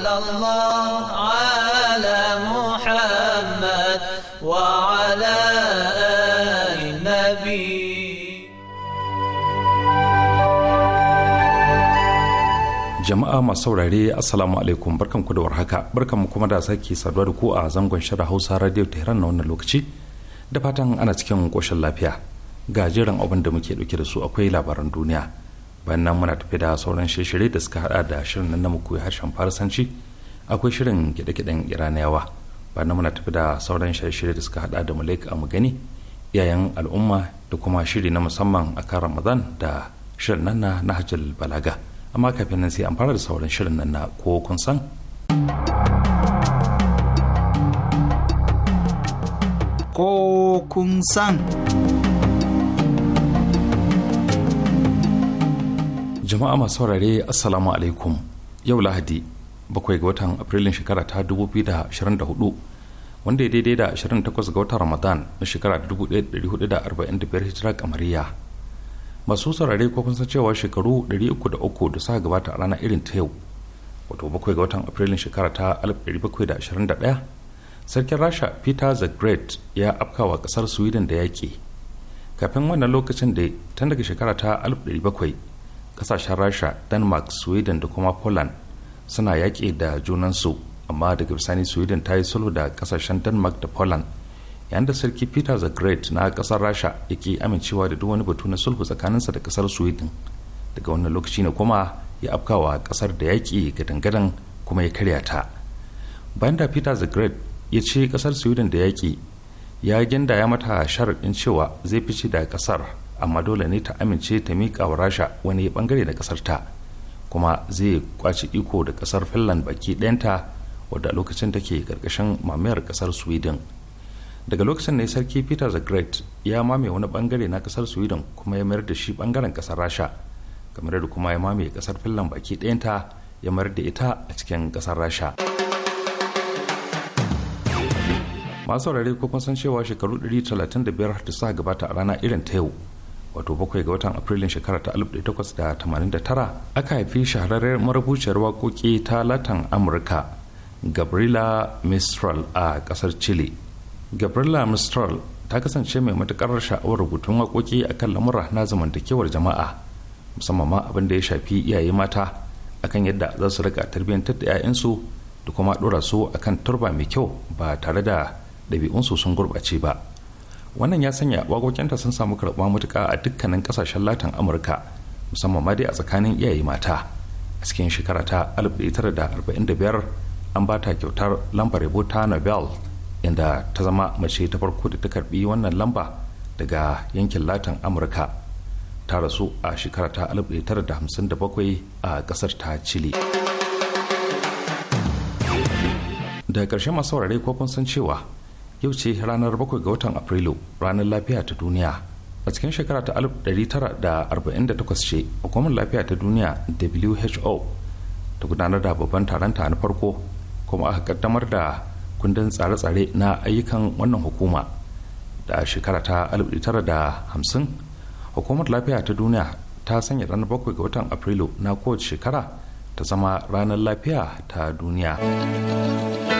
jama'a masu saurare assalamu alaikum barkan ku da warhaka barkan mu kuma da sake saduwa da ku a zangon shirin hausa radio tehran na wannan lokaci da fatan ana cikin koshin lafiya ga jiran abin da muke dauke da su akwai labaran duniya bayan muna tafi da sauran shirye da suka hada da shirin nan na muku harshen farsanci akwai shirin gide-giden iraniyawa bayan muna tafi da sauran shirye da suka hada da mulaik a mugani iyayen al'umma da kuma shiri na musamman a kan ramadan da shirin nan na hajjal balaga amma kafin nan sai an fara da sauran shirin nan na ko kun san ko kun san jama'a masu saurare assalamu alaikum yau lahadi bakwai ga watan afrilun shekara ta 2024 wanda ya daidai da 28 ga watan ramadan na shekara 1445 hijira kamariya masu saurare ko kun san cewa shekaru 303 da suka gabata a rana irin ta yau wato bakwai ga watan afrilun shekara ta 1721 sarkin rasha peter the great ya afkawa kasar sweden da yaƙi kafin wannan lokacin da tun daga shekara ta 1700 kasashen rasha denmark sweden da kuma poland suna yaƙi da junansu amma daga bisani sweden ta yi sulhu da kasashen denmark da poland yayin da sarki peter the great na kasar rasha yake amincewa da duk wani batu na sulhu tsakaninsa da kasar sweden daga wannan lokaci ne kuma ya afkawa kasar da yaƙi gadangadan kuma ya karya ta bayan da peter the great ya ce kasar sweden da yaƙi ya ginda ya mata sharaɗin cewa zai fice da kasar amma dole ne ta amince ta miƙa wa rasha wani bangare na ƙasar ta kuma zai kwaci iko da ƙasar finland baki ɗayanta wadda lokacin take karkashin mamayar ƙasar sweden daga lokacin ne sarki peter the great ya mame wani bangare na ƙasar sweden kuma ya mayar da shi bangaren ƙasar rasha kamar da kuma ya mame ƙasar finland baki ɗayanta ya mayar da ita a cikin ƙasar rasha masu saurare ko san cewa shekaru 135 da suka gabata a rana irin ta yau wato bakwai ga watan afrilun shekara ta tara aka haifi shahararren marubuciyar waƙoƙi ta latin amurka gabriela mistral a ƙasar chile gabriela mistral ta kasance mai matuƙar sha'awar rubutun waƙoƙi a kan lamura na zamantakewar jama'a musamman ma abin da ya shafi iyaye mata akan yadda za su rika tarbiyyantar da 'ya'yansu da kuma ɗora su akan turba mai kyau ba tare da ɗabi'unsu sun gurɓace ba wannan ya sanya waƙoƙinta sun samu karɓa matuƙa a dukkanin ƙasashen latin amurka musamman ma dai a tsakanin iyaye mata a cikin shekara ta 1945 an ba ta kyautar lambar yabo ta nobel inda ta zama mace ta farko da ta karbi wannan lamba daga yankin latin amurka ta rasu a shekara ta 1957 a ƙasar ta chile da ƙarshen masu saurare ko kun san cewa yau ce ranar 7 ga watan afrilu ranar lafiya ta duniya a cikin shekara ta 1948 ce hukumar lafiya ta duniya who ta gudanar da babban taron ta na farko kuma aka kaddamar da kundin tsare-tsare na ayyukan wannan hukuma da shekara ta 1950 hukumar lafiya ta duniya ta sanya ranar bakwai ga watan afrilu na kowace shekara ta zama ranar lafiya ta duniya.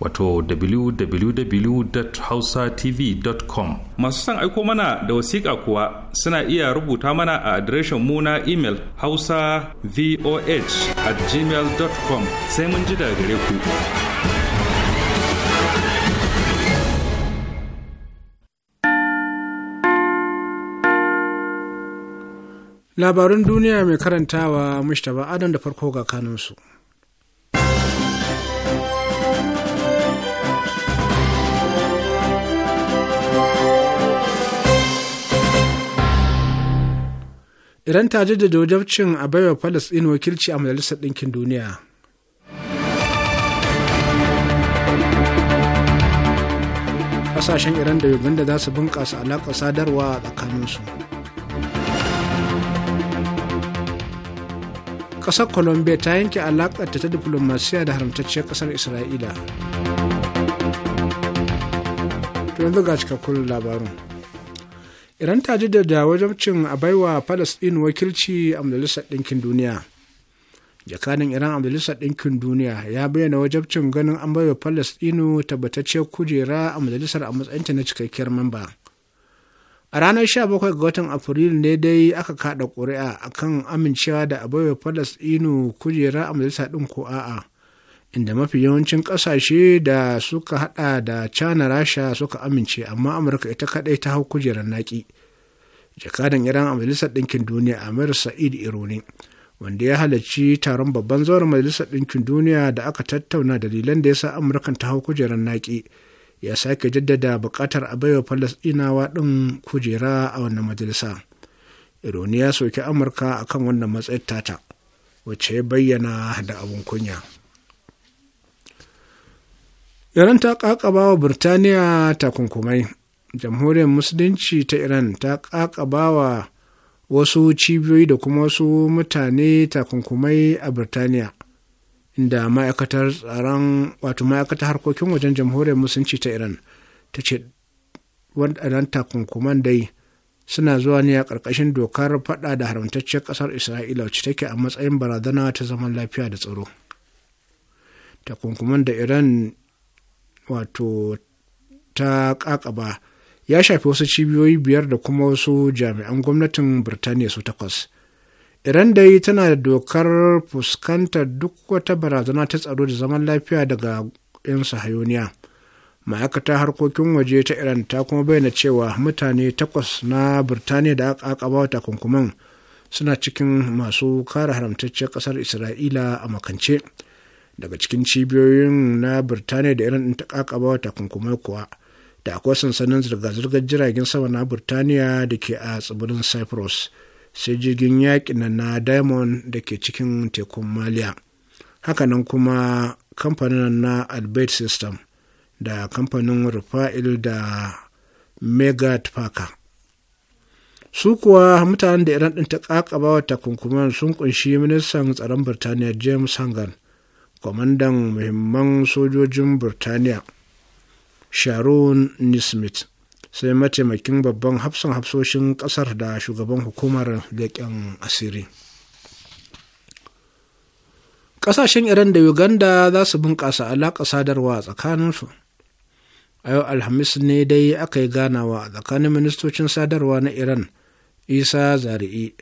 wato www.hausatv.com masu son aiko mana da wasiƙa kuwa suna iya rubuta mana a adireshin mu na imel hausa voh at gmail.com sai mun ji daga gare ku labarun duniya mai karantawa mushtaba adam da farko ga kanunsu. Iran ta jaddada wajabcin a baiwa Falasɗin wakilci a Majalisar Ɗinkin Duniya. Ƙasashen Iran da Uganda za su bunƙasa alaƙar sadarwa a tsakaninsu. Ƙasar Colombia ta yanke alaƙar ta diflomasiya da haramtacciyar ƙasar Isra'ila. To yanzu ga cikakkun labarin. iran ta jaddada wajabcin a baiwa palestin wakilci a majalisar ɗinkin duniya jakadan iran a majalisar ɗinkin duniya ya bayyana wajabcin ganin an baiwa palestino tabbatacce kujera a majalisar a matsayin ta na cikakkiyar mamba a ranar 17 ga watan afrilu ne dai aka kada ƙuri'a akan amincewa da a baiwa palestino kujera a majalisar ɗin ko a'a inda mafi yawancin ƙasashe da suka hada da cana rasha suka amince amma amurka ita kadai ta hau kujerar naki jakadan iran a majalisar ɗinkin duniya amir sa'id Iruni, wanda ya halarci taron babban zawar majalisar ɗinkin duniya da aka tattauna dalilan da ya sa amurkan ta hau kujerar naki ya sake jaddada buƙatar a baiwa falasɗinawa ɗin kujera a wannan majalisa Iruni ya soki amurka akan wannan matsayin tata wacce ya bayyana da abin kunya iran ta kakaba wa birtaniya takunkumai jamhuriyar musulunci ta iran ta kakaba wa wasu cibiyoyi da kuma wasu mutane takunkumai a birtaniya inda ma'aikatar tsaron wato ma'aikatar harkokin wajen jamhuriyar musulunci ta iran ta ce waɗannan takunkuman dai suna zuwa ne a ƙarƙashin dokar faɗa da haramtacciyar ƙasar isra'ila wacce take a matsayin barazana ta zaman lafiya da tsaro takunkuman da iran wato ta kakaba ya shafi wasu cibiyoyi biyar da kuma wasu jami'an gwamnatin birtaniya su takwas iran dai tana da dokar fuskantar duk wata barazana ta tsaro da zaman lafiya daga 'yan sahayoniya ma'aikata harkokin waje ta iran ta kuma bayyana cewa mutane takwas na birtaniya da aka akaba takunkuman suna cikin masu kare haramtacciyar kasar isra'ila a makance daga cikin cibiyoyin na birtaniya da irin ta kakaba takunkumai kuwa da akwai sansanin zirga-zirgar jiragen sama na birtaniya da ke a tsibirin cyprus sai jirgin yaƙi na diamond da ke cikin tekun maliya hakanan kuma kamfanin na albert system da kamfanin rufa'il da megat paka. su kuwa mutanen da iran ɗin ta kakaba wa takunkuman sun kunshi ministan tsaron birtaniya james hangan kwamandan muhimman sojojin burtaniya sharon nismit sai mataimakin babban hafsan hafsoshin kasar da shugaban hukumar leƙen asiri ƙasashen iran da uganda za su bunƙasa alaƙa sadarwa a tsakaninsu a yau alhamis ne dai aka yi ganawa a tsakanin ministocin sadarwa na iran isa zari'i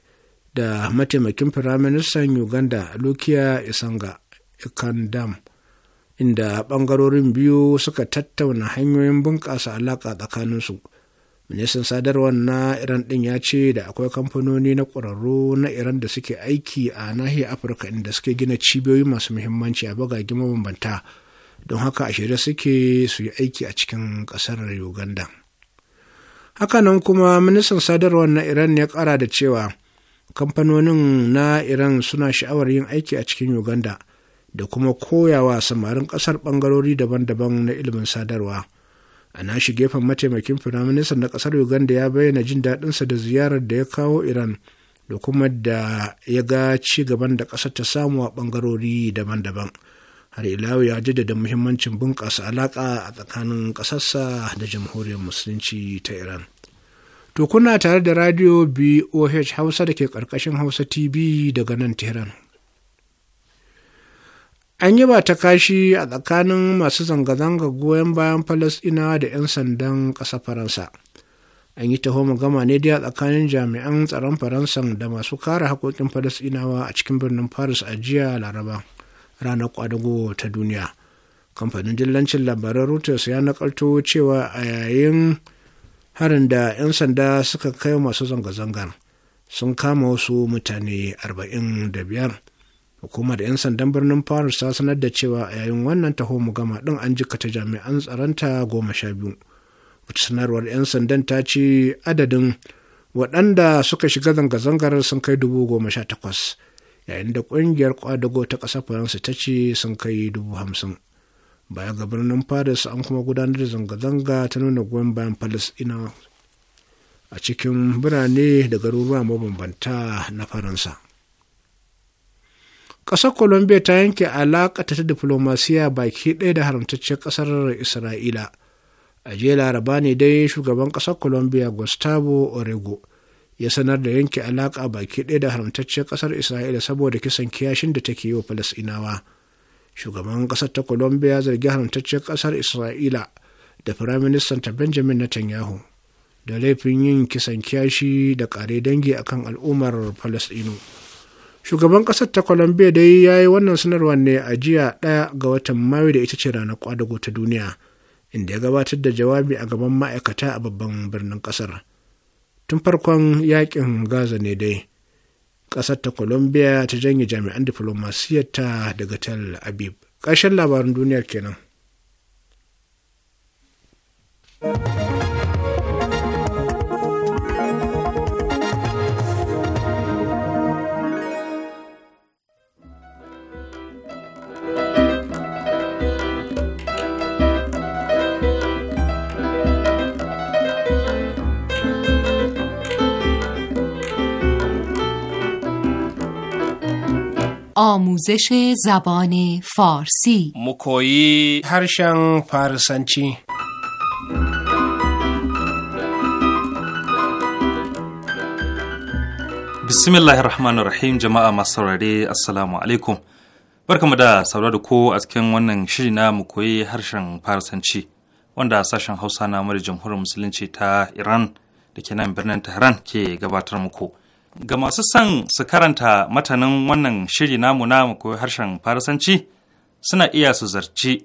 da mataimakin firaministan uganda lukiya isanga ikandam inda ɓangarorin biyu suka tattauna hanyoyin bunƙasa alaƙa tsakaninsu ministan sadarwar na iran ɗin ya ce da akwai kamfanoni na ƙwararru na iran da suke aiki a nahiyar afirka inda suke gina cibiyoyi masu muhimmanci a bagage mabambanta don haka a shirye suke su yi aiki a cikin ƙasar uganda hakanan kuma ministan sadarwar na iran ya ƙara da cewa kamfanonin na iran suna sha'awar yin aiki a cikin uganda da kuma koyawa samarin ƙasar ɓangarori daban-daban na ilimin sadarwa. a nashi gefen mataimakin firaministan na kasar uganda ya bayyana jin daɗinsa da ziyarar da ya kawo iran da kuma da ya ga ci gaban da ƙasar ta samu a ɓangarori daban-daban har ilawu ya jaddada muhimmancin bunƙasa alaƙa a tsakanin ƙasarsa da jamhuriyar musulunci ta iran to kuna tare da radio boh hausa da ke ƙarƙashin hausa tv daga nan tehran an yi ba ta kashi a tsakanin masu zanga-zanga goyon bayan Falasɗina da 'yan sandan ƙasa faransa an yi taho gama ne dai a tsakanin jami'an tsaron faransa da masu kare haƙoƙin falasɗinawa a cikin birnin paris a jiya laraba ranar kwadago ta duniya kamfanin dillancin labaran reuters ya nakalto cewa a yayin harin da 'yan sanda suka kai masu zanga-zangar sun kama wasu mutane 45 hukumar 'yan sandan birnin paris ta sanar da cewa a yayin wannan taho mu gama ɗin an jikata jami'an tsaronta goma sha biyu wata sanarwar 'yan sandan ta ce adadin waɗanda suka shiga zanga-zangar sun kai dubu goma sha takwas yayin da ƙungiyar kwadago ta ƙasa faransa ta ce sun kai dubu hamsin baya ga birnin paris an kuma gudanar da zanga-zanga ta nuna goyon bayan ina. a cikin birane da garuruwa mabambanta na faransa ƙasar colombia ta yanke alaƙa ta diplomasiya baki ɗaya da haramtacciyar ƙasar isra'ila a jiya laraba ne dai shugaban ƙasar colombia gustavo orego ya sanar da yanke alaƙa baki ɗaya da haramtacciyar ƙasar isra'ila saboda kisan kiyashin da take yi wa falasɗinawa shugaban ƙasar ta colombia zargi haramtacciyar ƙasar isra'ila da firaministan ta benjamin netanyahu da laifin yin kisan kiyashi da ƙare dangi akan al'ummar falasɗinu shugaban ƙasar ta colombia dai ya yi wannan sanarwar ne a jiya ɗaya ga watan mayu da ita ce ranar kwadago ta duniya inda ya gabatar da jawabi a gaban ma'aikata a babban birnin ƙasar tun farkon yakin gaza ne dai ƙasar ta colombia ta janye jami'an ta daga tel aviv ƙarshen labarin duniya kenan. آموزش زبان فارسی harshen هرشن فارسنچی bismillahir rahmanir rahim jama'a masu saurare assalamu alaikum barkamu da saurari ko a cikin wannan shiri na mu koyi harshen farisanci wanda sashen hausa na mara jamhuriyar musulunci ta iran da ke nan birnin tehran ke gabatar muku Ga masu son su karanta matanin wannan shiri namu na harshen Farisanci suna iya su zarci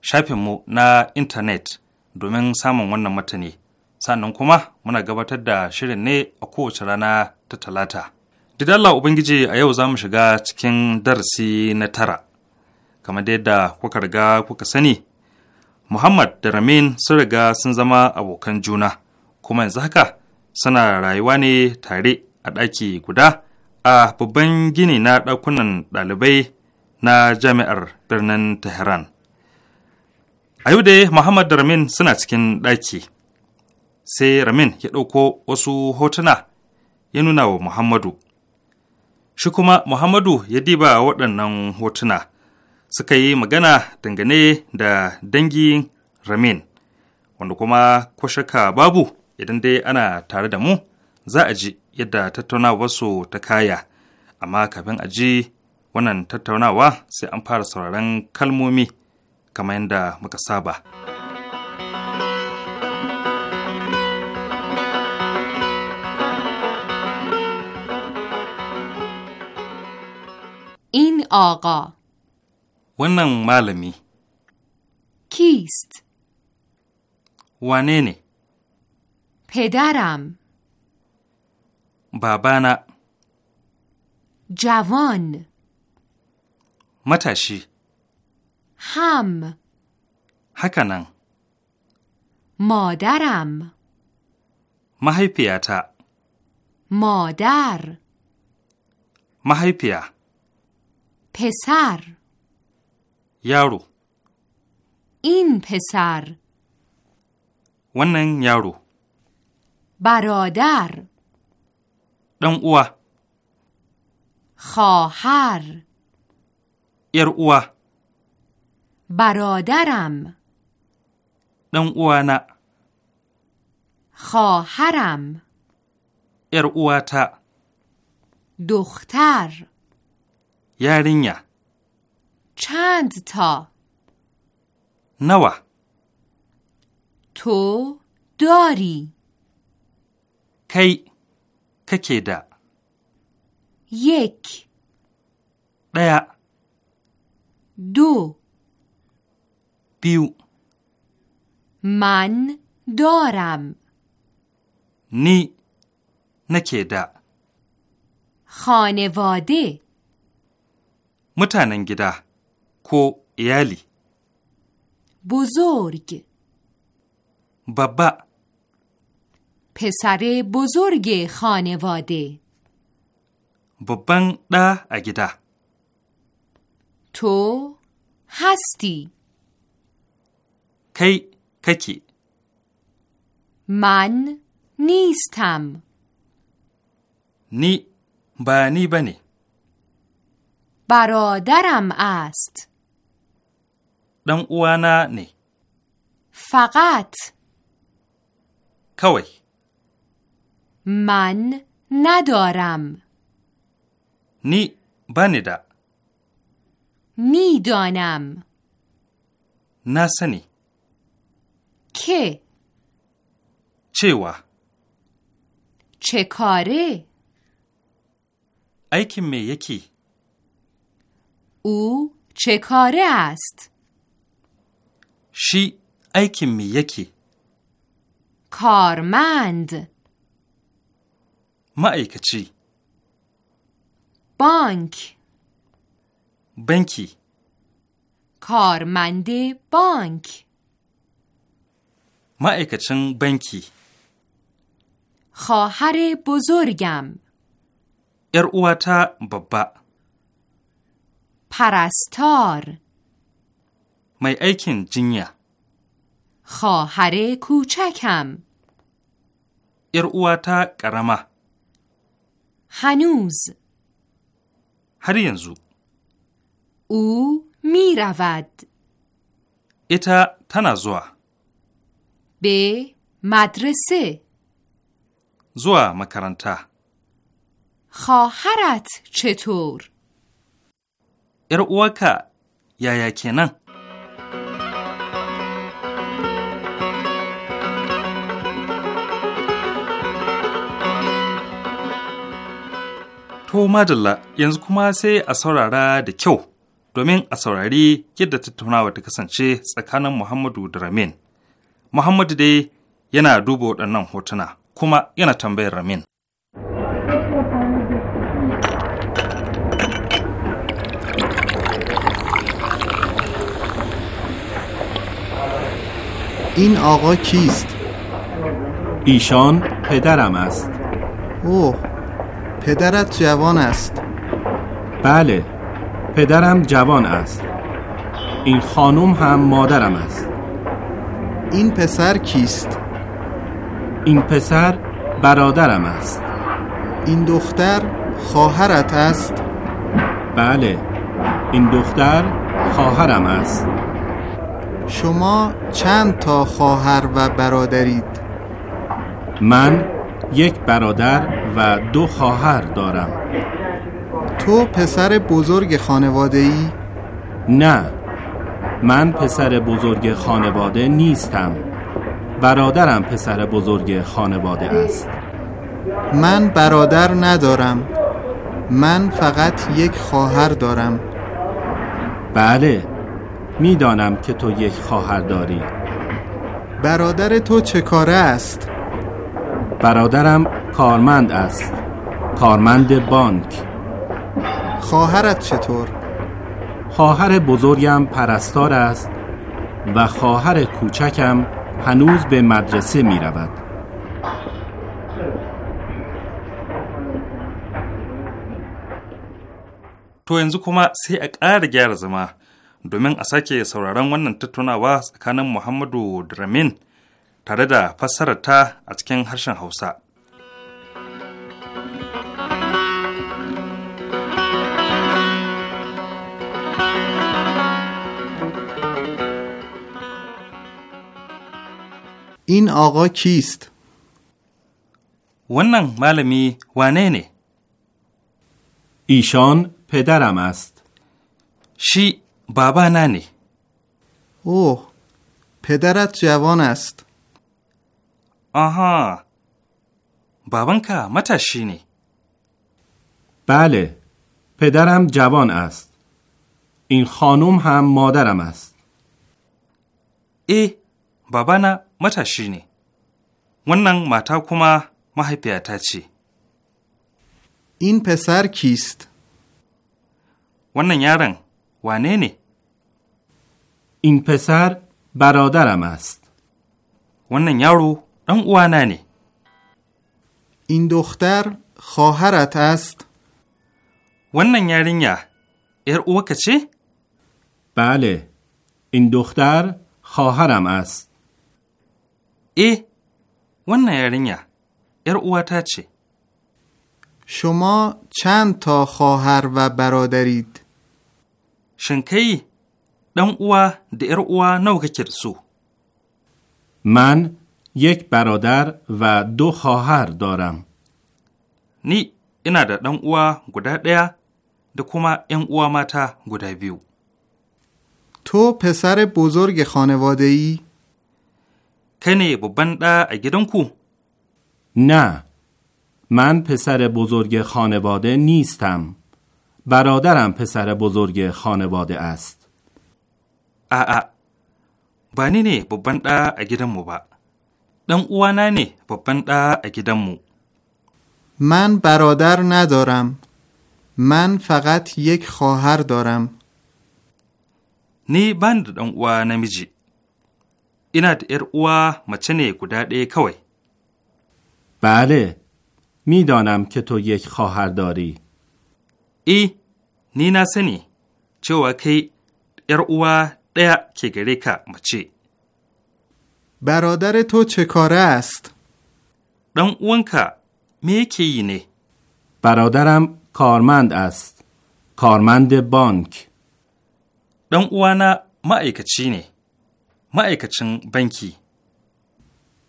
shafinmu na intanet domin samun wannan matani. Sannan kuma muna gabatar da shirin ne a kowace rana ta talata. Didalla Ubangiji a yau za mu shiga cikin darasi na tara. Kamar dai da kuka riga kuka sani, Muhammad da Ramin sun riga sun zama abokan juna, kuma yanzu haka suna rayuwa ne tare a ɗaki guda a babban gini na ɗakunan ɗalibai na jami'ar birnin Tehran. A yau dai Muhammad da Ramin suna cikin ɗaki. Sai Ramin ya ɗauko wasu hotuna ya nuna wa Muhammadu. Shi kuma Muhammadu ya diba waɗannan hotuna suka yi magana dangane da dangi Ramin, wanda kuma ko babu idan dai ana tare da mu za a ji yadda tattaunawarsu ta kaya amma kafin a ji wannan tattaunawa sai an fara sauraron kalmomi kamar yadda muka saba. in aga wannan malami Kist. wane ne pedaram babana javon matashi ham hakanan Modaram. mahaifiyata Modar. mahaifiya pesar yaro in pesar wannan yaro Barodar. دن اوا خواهر یر اوا برادرم دن اوانا خواهرم یر اواتا دختر یارینیا چند تا نوا تو داری کی kake da? Yek. Ɗaya. Do. Biyu. Man doram. Ni nake da. Khanevade. Mutanen gida ko iyali. Buzurg. Babba. پسر بزرگ خانواده ببن ده اگیده تو هستی کی ککی من نیستم نی بانی بنی برادرم است دم اوانا نی فقط کوی من ندارم نی بنیده میدانم نسنی که و؟ چه کاره که می یکی او چه کاره است شی که می یکی کارمند میکچی بانک بنکی کارمند بانک معیکچین بنکی خواهر بزرگم یرواتا ببا پرستار می جنیا جینیه خواهر کوچکم یرئواتا کرمه هنوز هر ینزو او می رود اتا تنازوا به مدرسه زوا مکرانتا خواهرت چطور؟ ارواکا یا یا کنن To madalla yanzu kuma sai a saurara da kyau domin a saurari yadda tattaunawa ta kasance tsakanin Muhammadu da Ramin. Muhammadu dai yana duba waɗannan hotuna kuma yana tambayar Ramin. این آقا کیست؟ ایشان پدرم است. اوه پدرت جوان است بله پدرم جوان است این خانم هم مادرم است این پسر کیست؟ این پسر برادرم است این دختر خواهرت است؟ بله این دختر خواهرم است شما چند تا خواهر و برادرید؟ من یک برادر و دو خواهر دارم تو پسر بزرگ خانواده ای؟ نه من پسر بزرگ خانواده نیستم برادرم پسر بزرگ خانواده است من برادر ندارم من فقط یک خواهر دارم بله میدانم که تو یک خواهر داری برادر تو چه کاره است؟ برادرم کارمند است کارمند بانک خواهرت چطور؟ خواهر بزرگم پرستار است و خواهر کوچکم هنوز به مدرسه می رود. To yanzu kuma sai a ƙara gyara zama domin a sake sauraron wannan tattaunawa tsakanin Muhammadu Dramin tare da fassararta a cikin harshen Hausa. این آقا کیست؟ ونن معلمی وانه ایشان پدرم است. شی بابا ننه. اوه پدرت جوان است. آها بابنکا متشی نه. بله پدرم جوان است. این خانم هم مادرم است. ای بابا نه. matashi ne wannan mata kuma mahaifiyata ce in pesar kist wannan yaron wane ne in pesar برادرم mast. wannan yaro ɗan uwana ne. In دختر خواهرت است. wannan yarinya ‘yar uwaka ce? Bale, in دختر خواهرم E, wannan yarinya, ‘yar uwata ce. Shuma chan ta khawar wa baradarid. Shin kai, ɗan uwa da ‘yar uwa nau kake su? Man, yake baradar wa do khohar daram. Ni, ina da ɗan uwa guda daya, da kuma ‘yan uwa mata guda biyu. To, pesare bozorge khanewade yi? کی نه ببن دا ا نه من پسر بزرگ خانواده نیستم برادرم پسر بزرگ خانواده است ا ا ba ni ne ا ɗa a gidanmu نه ɗan uwana ne babban من برادر ندارم. من فقط یک خواهر دارم. نی بند دان اوwa ina da ‘yar uwa mace ne guda ɗaya kawai. بله میدانم که تو یک خواهر داری ای نی نسنی چوا کی ار اوا که گری که مچی برادر تو چه کاره است؟ دان اون که می نه برادرم کارمند است کارمند بانک دان اوانا ما ایکچی ma'aikacin banki.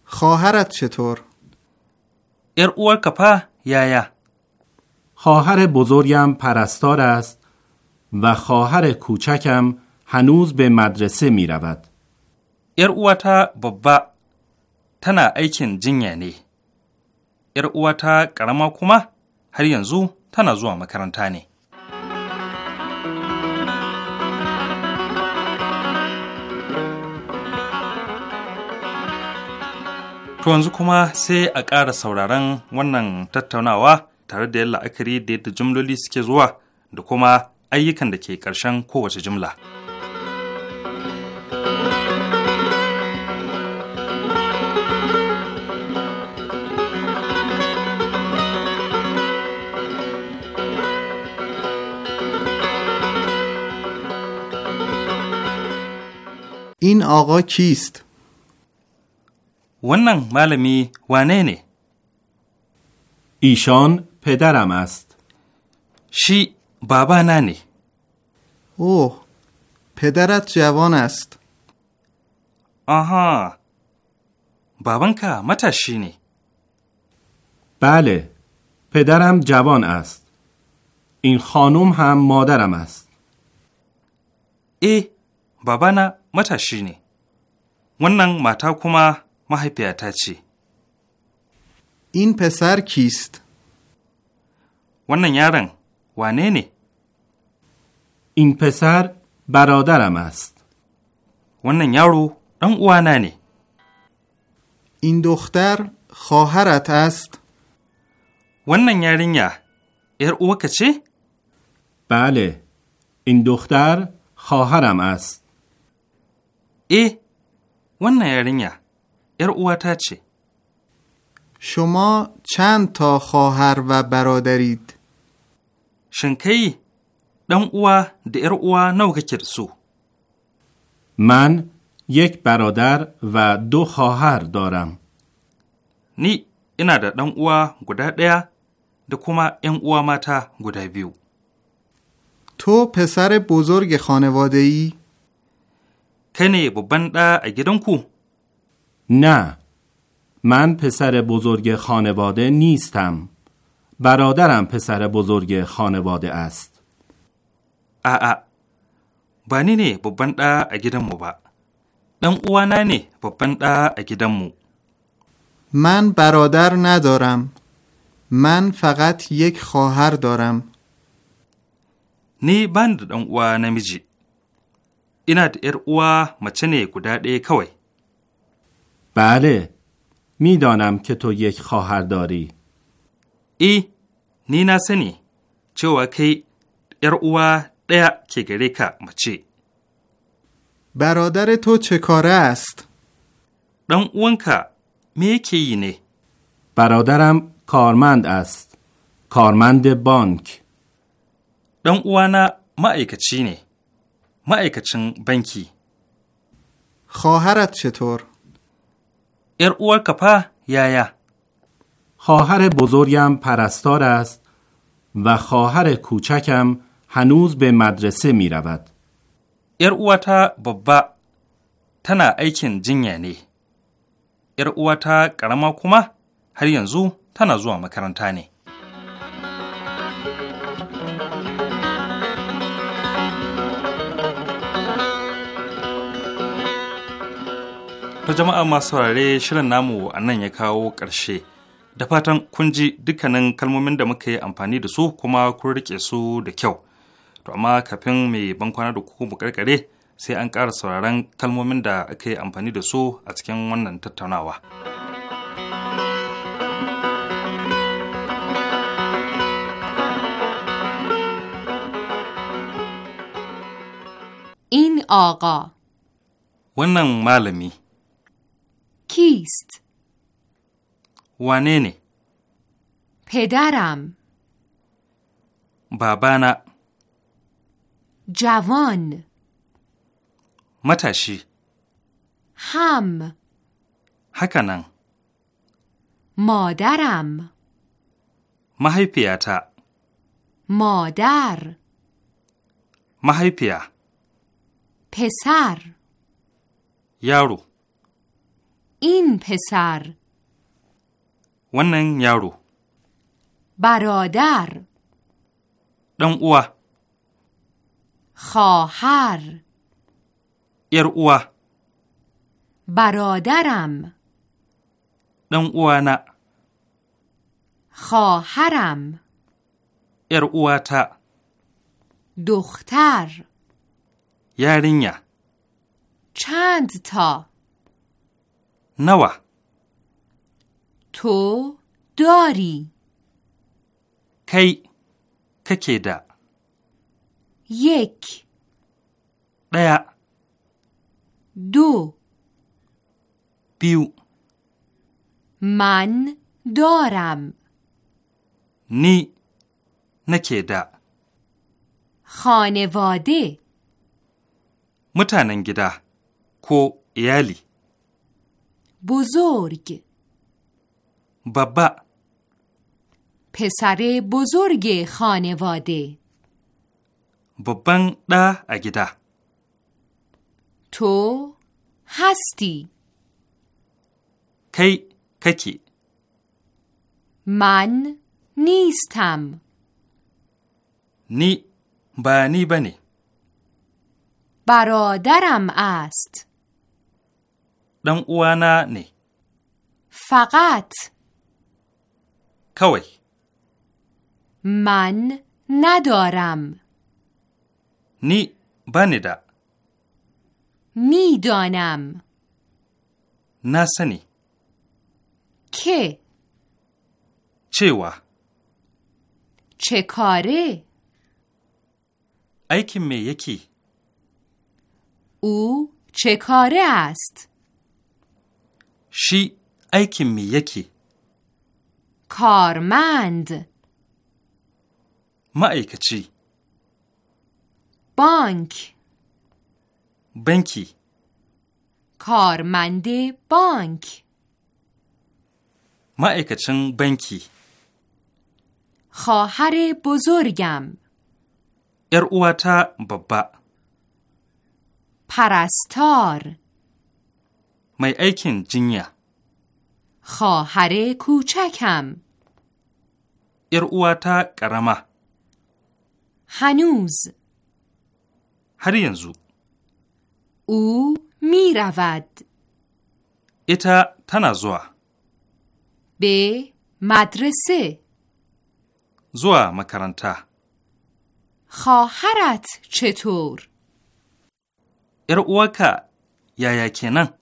خواهرت چطور؟ ار اور کپا یا خواهر بزرگم پرستار است و خواهر کوچکم هنوز به مدرسه می رود. ار اواتا بابا تنا ایکن جنیا نی. ار اواتا کرما کما هر ینزو تنا زوا مکرانتا To yanzu kuma sai a ƙara sauraron wannan tattaunawa tare da yalla akari da yadda jimloli suke zuwa da kuma ayyukan da ke ƙarshen kowace jimla. این آقا کیست؟ ونن معلمی وانه ایشان پدرم است شی بابا نی. او پدرت جوان است آها کا متاشی نه بله پدرم جوان است این خانم هم مادرم است ای بابانا متاشی نی. wannan متا کوما. mahaifiyata ce. In pesar kist. wannan yaron wane ne? In pesar برادرم است. wannan yaro ɗan uwana ne. In دختر خواهرت است. wannan yarinya ‘yar uwarka ce? بله. این دختر خواهرم است. ای، wannan yarinya ار تا چه شما چند تا خواهر و برادرید شنکی دم اوا د اوا نو سو من یک برادر و دو خواهر دارم نی اینا در دم اوا گدا دیا دکوما این ‘yan ماتا mata بیو تو پسر پسر بزرگ خانواده ای؟ کنی ببنده اگه نه من پسر بزرگ خانواده نیستم برادرم پسر بزرگ خانواده است ا بانی نه بابن دا اگیدم مو با دم اوانا نه بابن من برادر ندارم من فقط یک خواهر دارم نی بند دم اوانه می جی ایناد مچ مچنه کداده کوای بله میدانم که تو یک خواهر داری ای نی نسنی چوا کی ارعوا دیا که گری که مچی برادر تو چه کاره است؟ دن اون که می نه برادرم کارمند است کارمند بانک دن اوانا مa'aikaci ne ma'aikacin بانکی خواهرت چطور؟ ار اول کپا یا خواهر بزرگم پرستار است و خواهر کوچکم هنوز به مدرسه می رود. ار اواتا بابا تنا ایکن جنیا نی. ار اواتا کرما کما هر ینزو تنا زوا مکرانتا ta jama'a masu saurare shirin namu a nan ya kawo ƙarshe da fatan kun ji dukkanin kalmomin da muka yi amfani da su kuma kun rike su da kyau to amma kafin mai bankwana da kuku mu karkare sai an ƙara sauraron kalmomin da aka yi amfani da su a cikin wannan tattaunawa. In wannan Wannan malami. کیست؟ وانینه پدرم بابانا جوان متشی هم هکنن مادرم مهیپیتا مادر مهیپیا پسر یارو این پسر ونن یارو برادر دن اوا خواهر یر اوا برادرم دن اوانا خواهرم یر تا دختر یارینیا چند تا نوا تو داری کی ککی دا یک دیا دو بیو من دارم نی نکی دا خانواده متانن گدا کو ایالی بزرگ بابا پسر بزرگ خانواده بابن دا دا تو هستی کی ککی من نیستم نی بانی بانی برادرم است دن اوانا نه فقط کوی من ندارم نی بندا میدانم نسنی که چیوا چه کاره ایکی می یکی او چه کاره است شی ایکی می یکی کارمند ما چی؟ بانک بنکی کارمند بانک مأیکچن بنکی خواهر بزرگم ار ببا پرستار می ایکن جنیا خواهر کوچکم ارواتا کرما هنوز هر زو او می رود ایتا تنازوا به مدرسه زوا مکرانتا خواهرت چطور؟ ارواکا یا یا کنن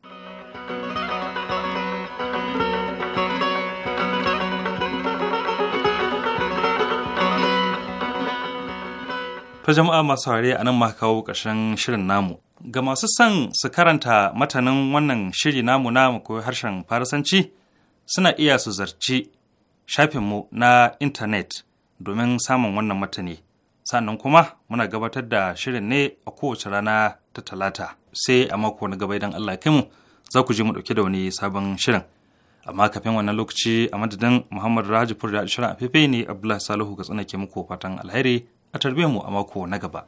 ta jama'a masu haure a nan ma kawo ƙarshen shirin namu ga masu son su karanta matanin wannan shiri namu na ko harshen farasanci suna iya su zarci shafinmu na intanet domin samun wannan matani sannan kuma muna gabatar da shirin ne a kowace rana ta talata sai a mako na gaba idan allah mu za ku ji mu ɗauke da wani sabon shirin amma kafin wannan lokaci a madadin muhammad rajifur da shirin afefe ne abdullahi salihu ga tsanake muku fatan alheri a tarbe mu a mako na gaba.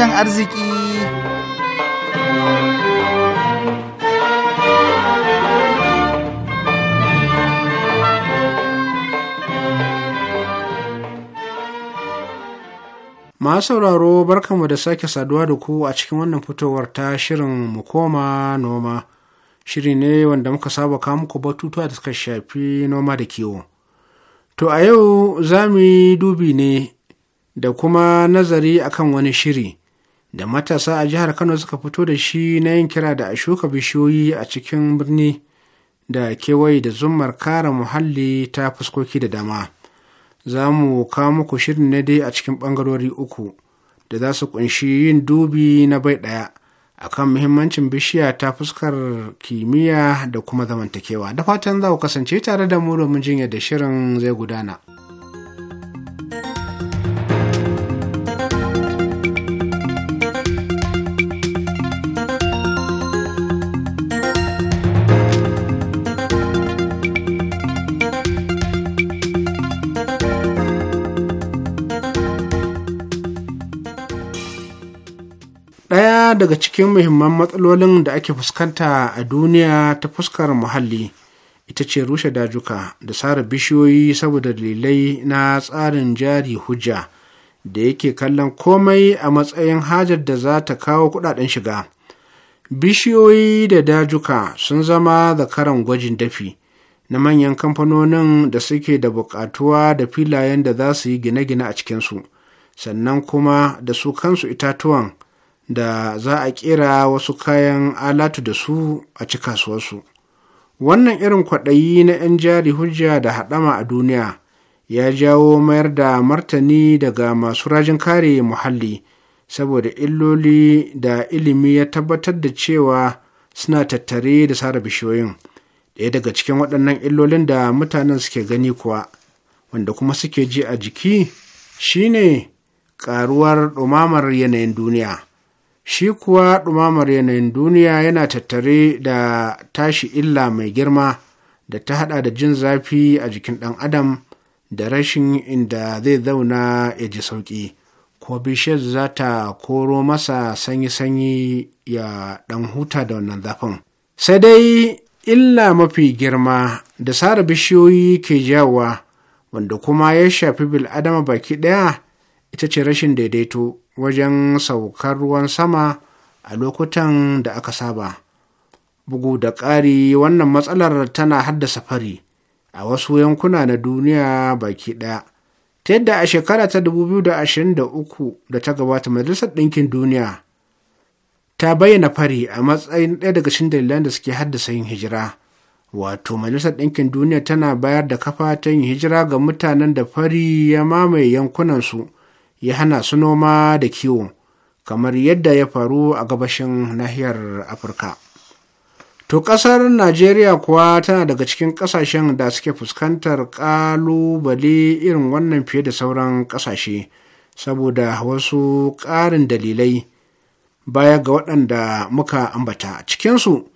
tashan arziki masu sauraro barkanmu da sake saduwa da ku a cikin wannan fitowar ta shirin mu koma noma shiri ne wanda muka saba kawo muku batutuwa da suka shafi noma da kiwo to a yau za mu yi dubi ne da kuma nazari akan wani shiri da matasa a jihar kano suka fito da shi na yin kira da a shuka bishiyoyi a cikin birni da kewaye da zumar kare muhalli ta fuskoki da dama za mu kawo muku shirin na dai a cikin bangarori uku da za su kunshi yin dubi na bai ɗaya akan muhimmancin bishiya ta fuskar kimiyya da kuma zamantakewa da fatan za ku kasance tare da mu domin jin yadda shirin zai gudana. daga cikin muhimman matsalolin da ake fuskanta a duniya ta fuskar muhalli ita ce rushe dajuka da sare bishiyoyi saboda dalilai na tsarin jari hujja da yake kallon komai a matsayin hajar da za ta kawo kudaden shiga bishiyoyi da dajuka sun zama da zakaran gwajin dafi na manyan kamfanonin da suke da bukatuwa da filayen da za su yi gine-gine a cikinsu sannan kuma da su kansu itatuwan da za a kera wasu kayan alatu da su a ci kasuwarsu. Wannan irin kwaɗayi na 'yan jari hujja da haɗama a duniya ya jawo mayar da martani daga masu rajin kare muhalli saboda illoli da ilimi ya tabbatar da cewa suna tattare da sare bishiyoyin. Ɗaya daga cikin waɗannan illolin da mutanen suke gani kuwa, wanda kuma suke ji a jiki, shine ƙaruwar ɗumamar yanayin duniya. shi kuwa ɗumamar yanayin duniya yana tattare da tashi illa mai girma da ta haɗa da jin zafi a jikin ɗan adam da rashin inda zai zauna ya ji sauƙi ko bishiyar za ta koro masa sanyi-sanyi ya ɗan huta da wannan zafin sai dai illa mafi girma da sare bishiyoyi ke jawa wanda kuma ya shafi bil'adama baki ɗaya ita ce rashin daidaito wajen saukar ruwan sama a lokutan da aka saba bugu da ƙari wannan matsalar tana haddasa fari a wasu yankuna na duniya baki ɗaya ta yadda a shekara ta 2023 da ta gabata majalisar ɗinkin duniya ta bayyana fari a matsayin ɗaya daga cikin dalilan da suke haddasa yin hijira wato majalisar ɗinkin duniya tana bayar da kafa ta yin hijira ga mutanen da fari ya mamaye yankunansu ya hana su noma da kiwo kamar yadda ya faru a gabashin nahiyar afirka to ƙasar najeriya kuwa tana daga cikin ƙasashen da suke fuskantar ƙalubale irin wannan fiye da sauran ƙasashe saboda wasu ƙarin dalilai baya ga waɗanda muka ambata cikinsu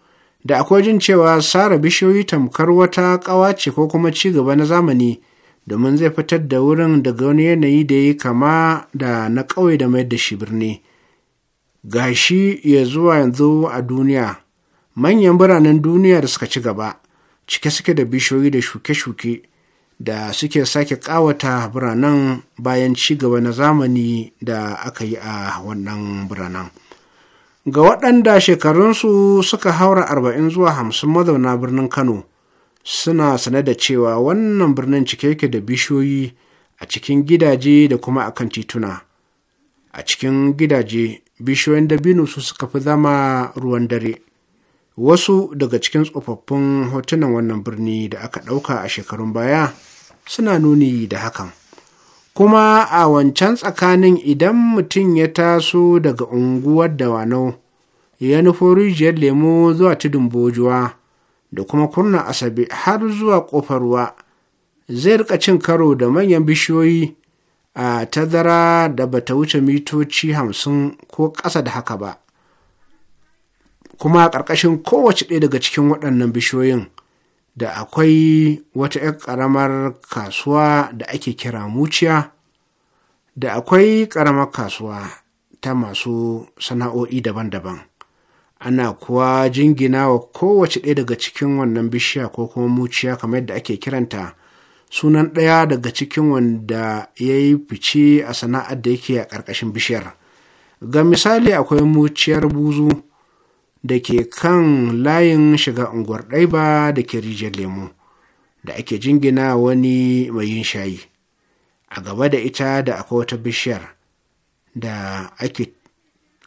da akwai jin cewa sara bishiyoyi tamkar wata ƙawa ce ko kuma ci gaba na zamani domin zai fitar da wurin daga wani yanayi da ya kama da na ƙauye da mai da shi birni gashi ya zuwa yanzu a duniya manyan biranen duniya da suka ci gaba cike suke da bishiyoyi da shuke-shuke da suke sake ƙawata biranen bayan ci gaba na zamani da aka yi a wannan biranen ga waɗanda shekarunsu suka haura arba'in zuwa hamsin mazauna birnin kano suna sane da cewa wannan birnin cike yake da bishiyoyi a cikin gidaje da kuma a kan tituna a cikin gidaje bishiyoyin dabino su suka fi zama ruwan dare wasu daga cikin tsofaffin hotunan wannan birni da aka ɗauka a shekarun baya suna nuni da hakan kuma a wancan tsakanin idan mutum ya taso daga unguwar dawanau ya nufo rijiyar lemo zuwa tudun bojuwa da kuma kurna asabe har zuwa ƙofar ruwa zai rika cin karo da manyan bishiyoyi a tazara da bata wuce mitoci hamsin ko ƙasa da haka ba kuma a ƙarƙashin kowace ɗaya daga cikin waɗannan bishiyoyin da akwai wata 'yar ƙaramar kasuwa da ake kira muciya da akwai ƙaramar kasuwa ta masu sana'o'i daban-daban ana kuwa jingina wa kowace ɗaya daga cikin wannan bishiya ko kuma muciya kamar yadda ake kiranta sunan ɗaya daga cikin wanda ya yi fice a sana'ar da yake a ƙarƙashin bishiyar ga misali akwai muciyar buzu da ke kan layin shiga unguwar ɗaiba da ke rijiyar lemu da ake jingina wani mai yin shayi a gaba da ita da akwai wata bishiyar da ake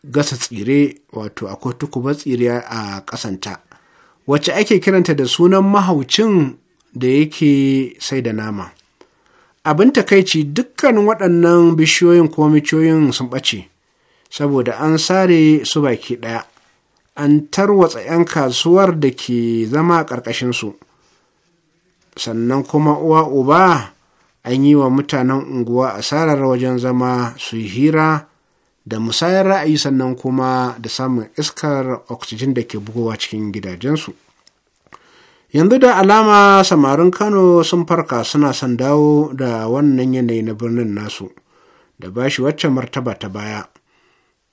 gasa tsire wato akwai tukuba tsire a ƙasanta wacce ake kiranta da sunan mahaucin da yake sai da nama abin takaici dukkan waɗannan bishiyoyin ko micoyin sun ɓace saboda an sare su baki ɗaya an tarwatsa 'yan kasuwar da ke zama ƙarƙashinsu sannan kuma uwa uba an yi wa mutanen unguwa asarar wajen zama su hira da musayar ra'ayi sannan kuma da samun iskar oxygen da ke bugowa cikin gidajensu yanzu da alama samarin kano sun farka suna son dawo da wannan yanayi na birnin nasu da ba shi wacce martaba ta baya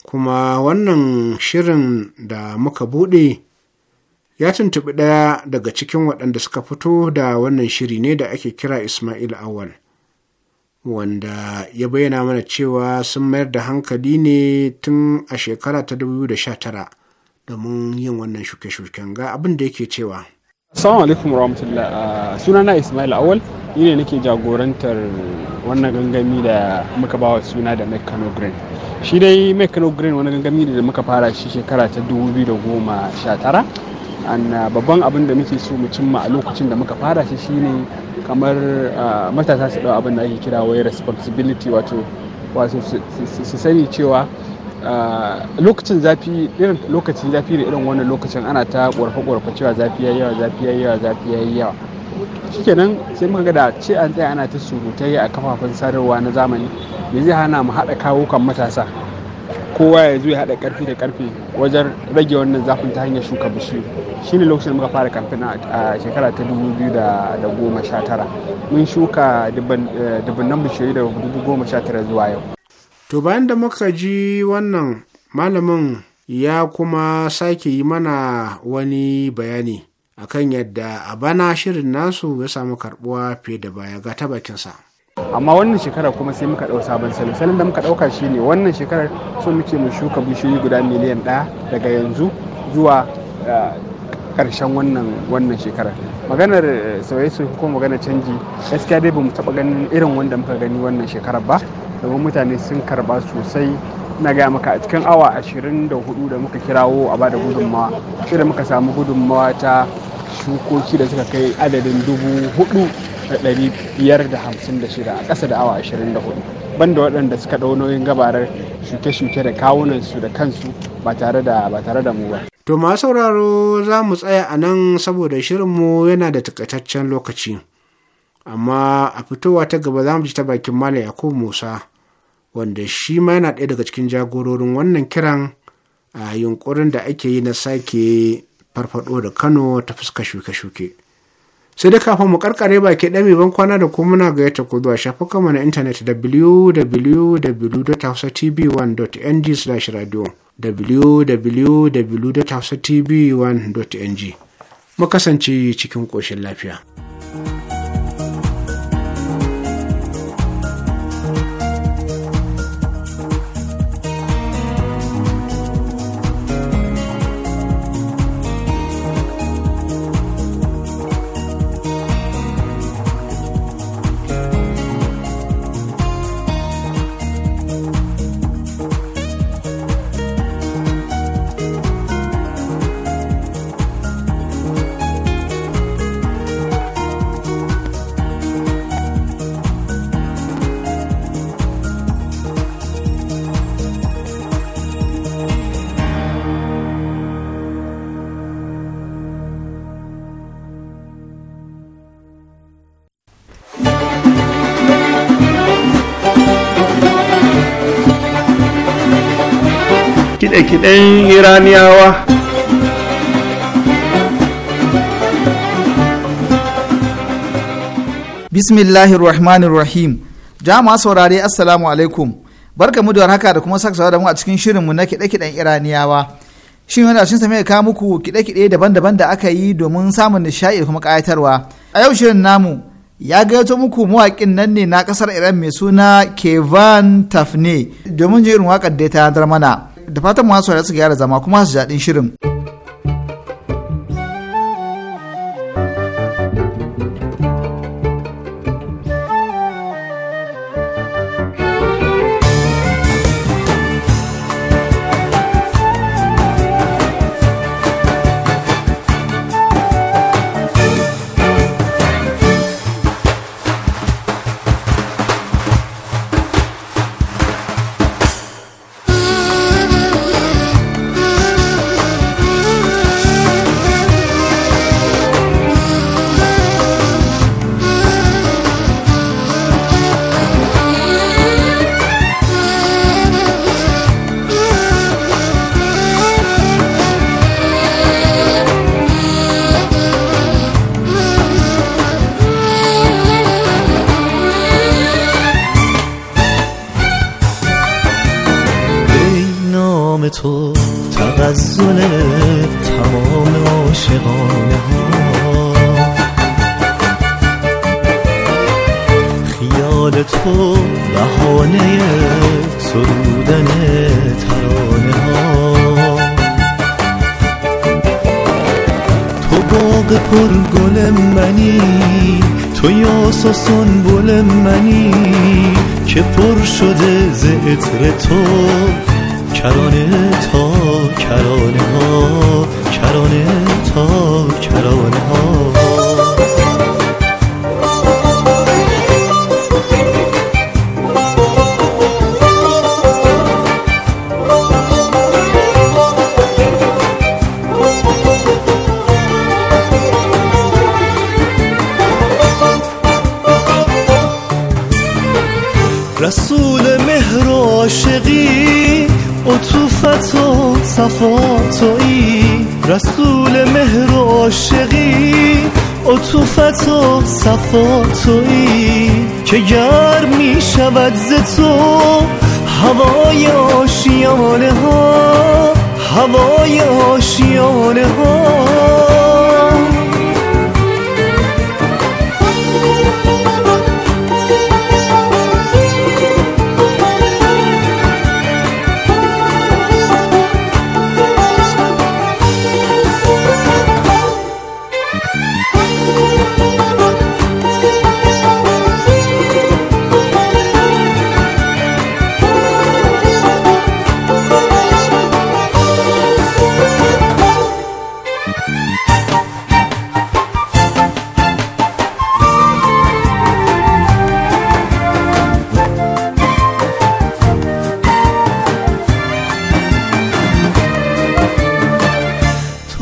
kuma wannan shirin da muka buɗe ya tuntuɓi ɗaya daga cikin waɗanda suka fito da wannan shiri ne da ake kira ismail awal wanda ya bayyana mana cewa sun mayar da hankali ne tun a shekara ta 2019 domin yin wannan shuke-shuken ga abin da yake cewa Assalamu alaikum ah, suna na Ismail Awal ni ne nake jagorantar wannan gangami da muka bawa suna da Mekano Green shi dai Mekano Green wani gangami da muka fara shi shekara ta 2019 an ah, babban abin da muke so mu cimma a lokacin da muka fara shi shine kamar matasa su ɗau abin da ake kira wai responsibility wato su sani cewa lokacin zafi irin lokacin zafi da irin wannan lokacin ana ta ƙorafe-ƙorafe cewa zafi ya yawa zafi ya yawa zafi ya yawa shikenan sai muka ga da ce an tsaya ana ta surutai a kafafen sadarwa na zamani me zai hana mu haɗa kawo kan matasa kowa ya zo ya haɗa ƙarfi da ƙarfi wajen rage wannan zafin ta hanyar shuka bishiyu shine lokacin da muka fara kamfen a shekara ta 2019 mun shuka dubunnan eh, bishiyu da 2019 zuwa yau to bayan da muka ji wannan malamin ya kuma sake yi mana wani bayani akan yadda a bana shirin nasu ya samu karbuwa fiye da baya ga ta bakinsa. amma wannan shekarar kuma sai muka ɗau sabon salo salon da muka ɗauka shine wannan shekarar so muke mu shuka bishiyoyi guda miliyan ɗaya daga yanzu zuwa karshen eh, wannan wannan shekarar maganar eh, sauye su ko maganar canji gaskiya dai bamu taba ganin irin wanda muka gani wannan shekarar ba domin mutane sun karba sosai na gaya maka a cikin awa 24 da muka kirawo a bada gudunmawa irin muka samu gudunmawa ta shukoki da suka kai adadin dubu hudu 556 a ƙasa da awa 24 banda waɗanda suka ɗau nauyin gabarar shuke-shuke da kawunansu da kansu ba tare da ba tare da mu ba. To ma sauraro za mu tsaya a nan saboda shirinmu yana da takaitaccen lokaci. Amma a fitowa ta gaba za mu ji ta bakin Malam ko Musa wanda shi ma yana ɗaya daga cikin jagororin wannan kiran a yunkurin da ake yi na sake farfado da Kano ta fuska shuke-shuke. sai dai kafin mu karkare baki dami ban kwana da kuma muna gayyata ku zuwa mu na intanet www.hausatv1.ng slash radio www.hausatv1.ng mu kasance cikin koshin lafiya. bismillahir rahmanir rahim jama'a saurare assalamu alaikum barka mu da haka da kuma saka da mu a cikin shirinmu na kiɗe-kiɗen iraniyawa shin a cikin same ka muku kiɗe-kiɗe daban-daban da aka yi domin samun nishaɗi da kuma ƙayatarwa a yau shirin namu ya gayyato muku mawaƙin nan ne na ƙasar iran mai suna kevan tafne domin jerin waƙar da ta mana da fatan masu su gyara zama kuma su jaɗin shirin.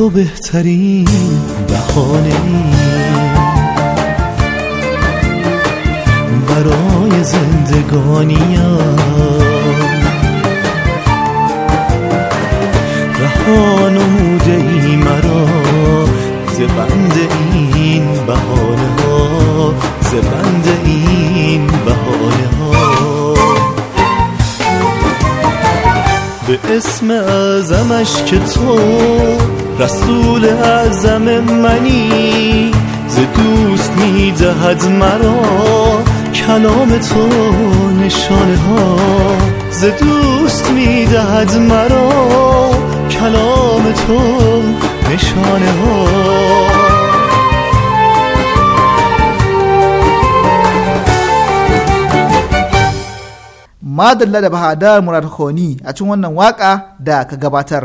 تو بهترین بهانه برای زندگانیم و موده ای مرا زبند این بهانه ها زبند این بهانه ها به اسم اعظمش که تو رسول اعظم منی ز دوست میدهد مرا کلام تو نشانه ها ز دوست میدهد مرا کلام تو نشانه ها madalla da bahada murad khoni a cikin wannan waka da ka gabatar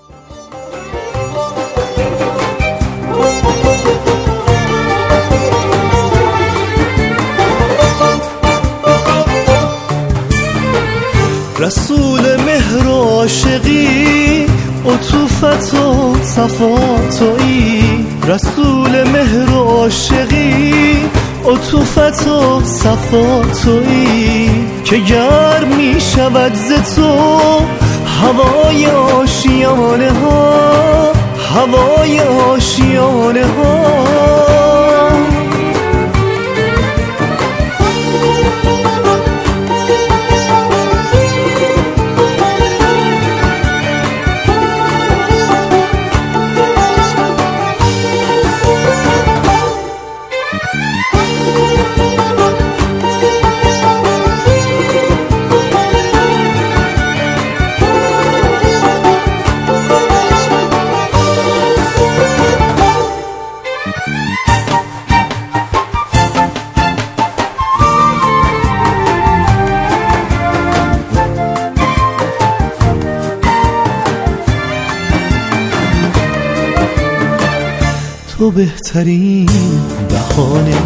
رسول مهر و عاشقی عطوفت و صفا تویی رسول مهر و عاشقی عطوفت و صفا تویی که گرم می شود ز تو هوای آشیانه ها هوای آشیانه ها تو بهترین بهانه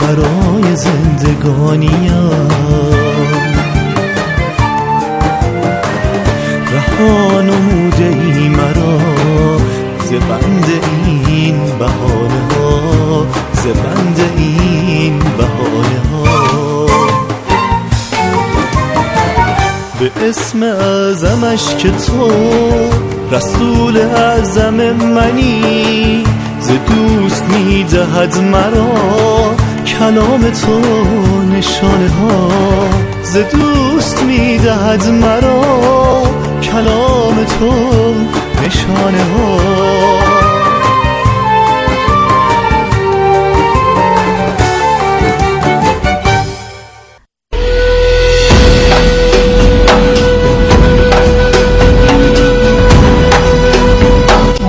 برای زندگانیم رها نموده ای مرا زبند این بهانه ها زبند این بهانه ها به اسم اعظمش که تو رسول اعظم منی ز دوست میدهد مرا کلام تو نشانه ها ز دوست میدهد مرا کلام تو نشانه ها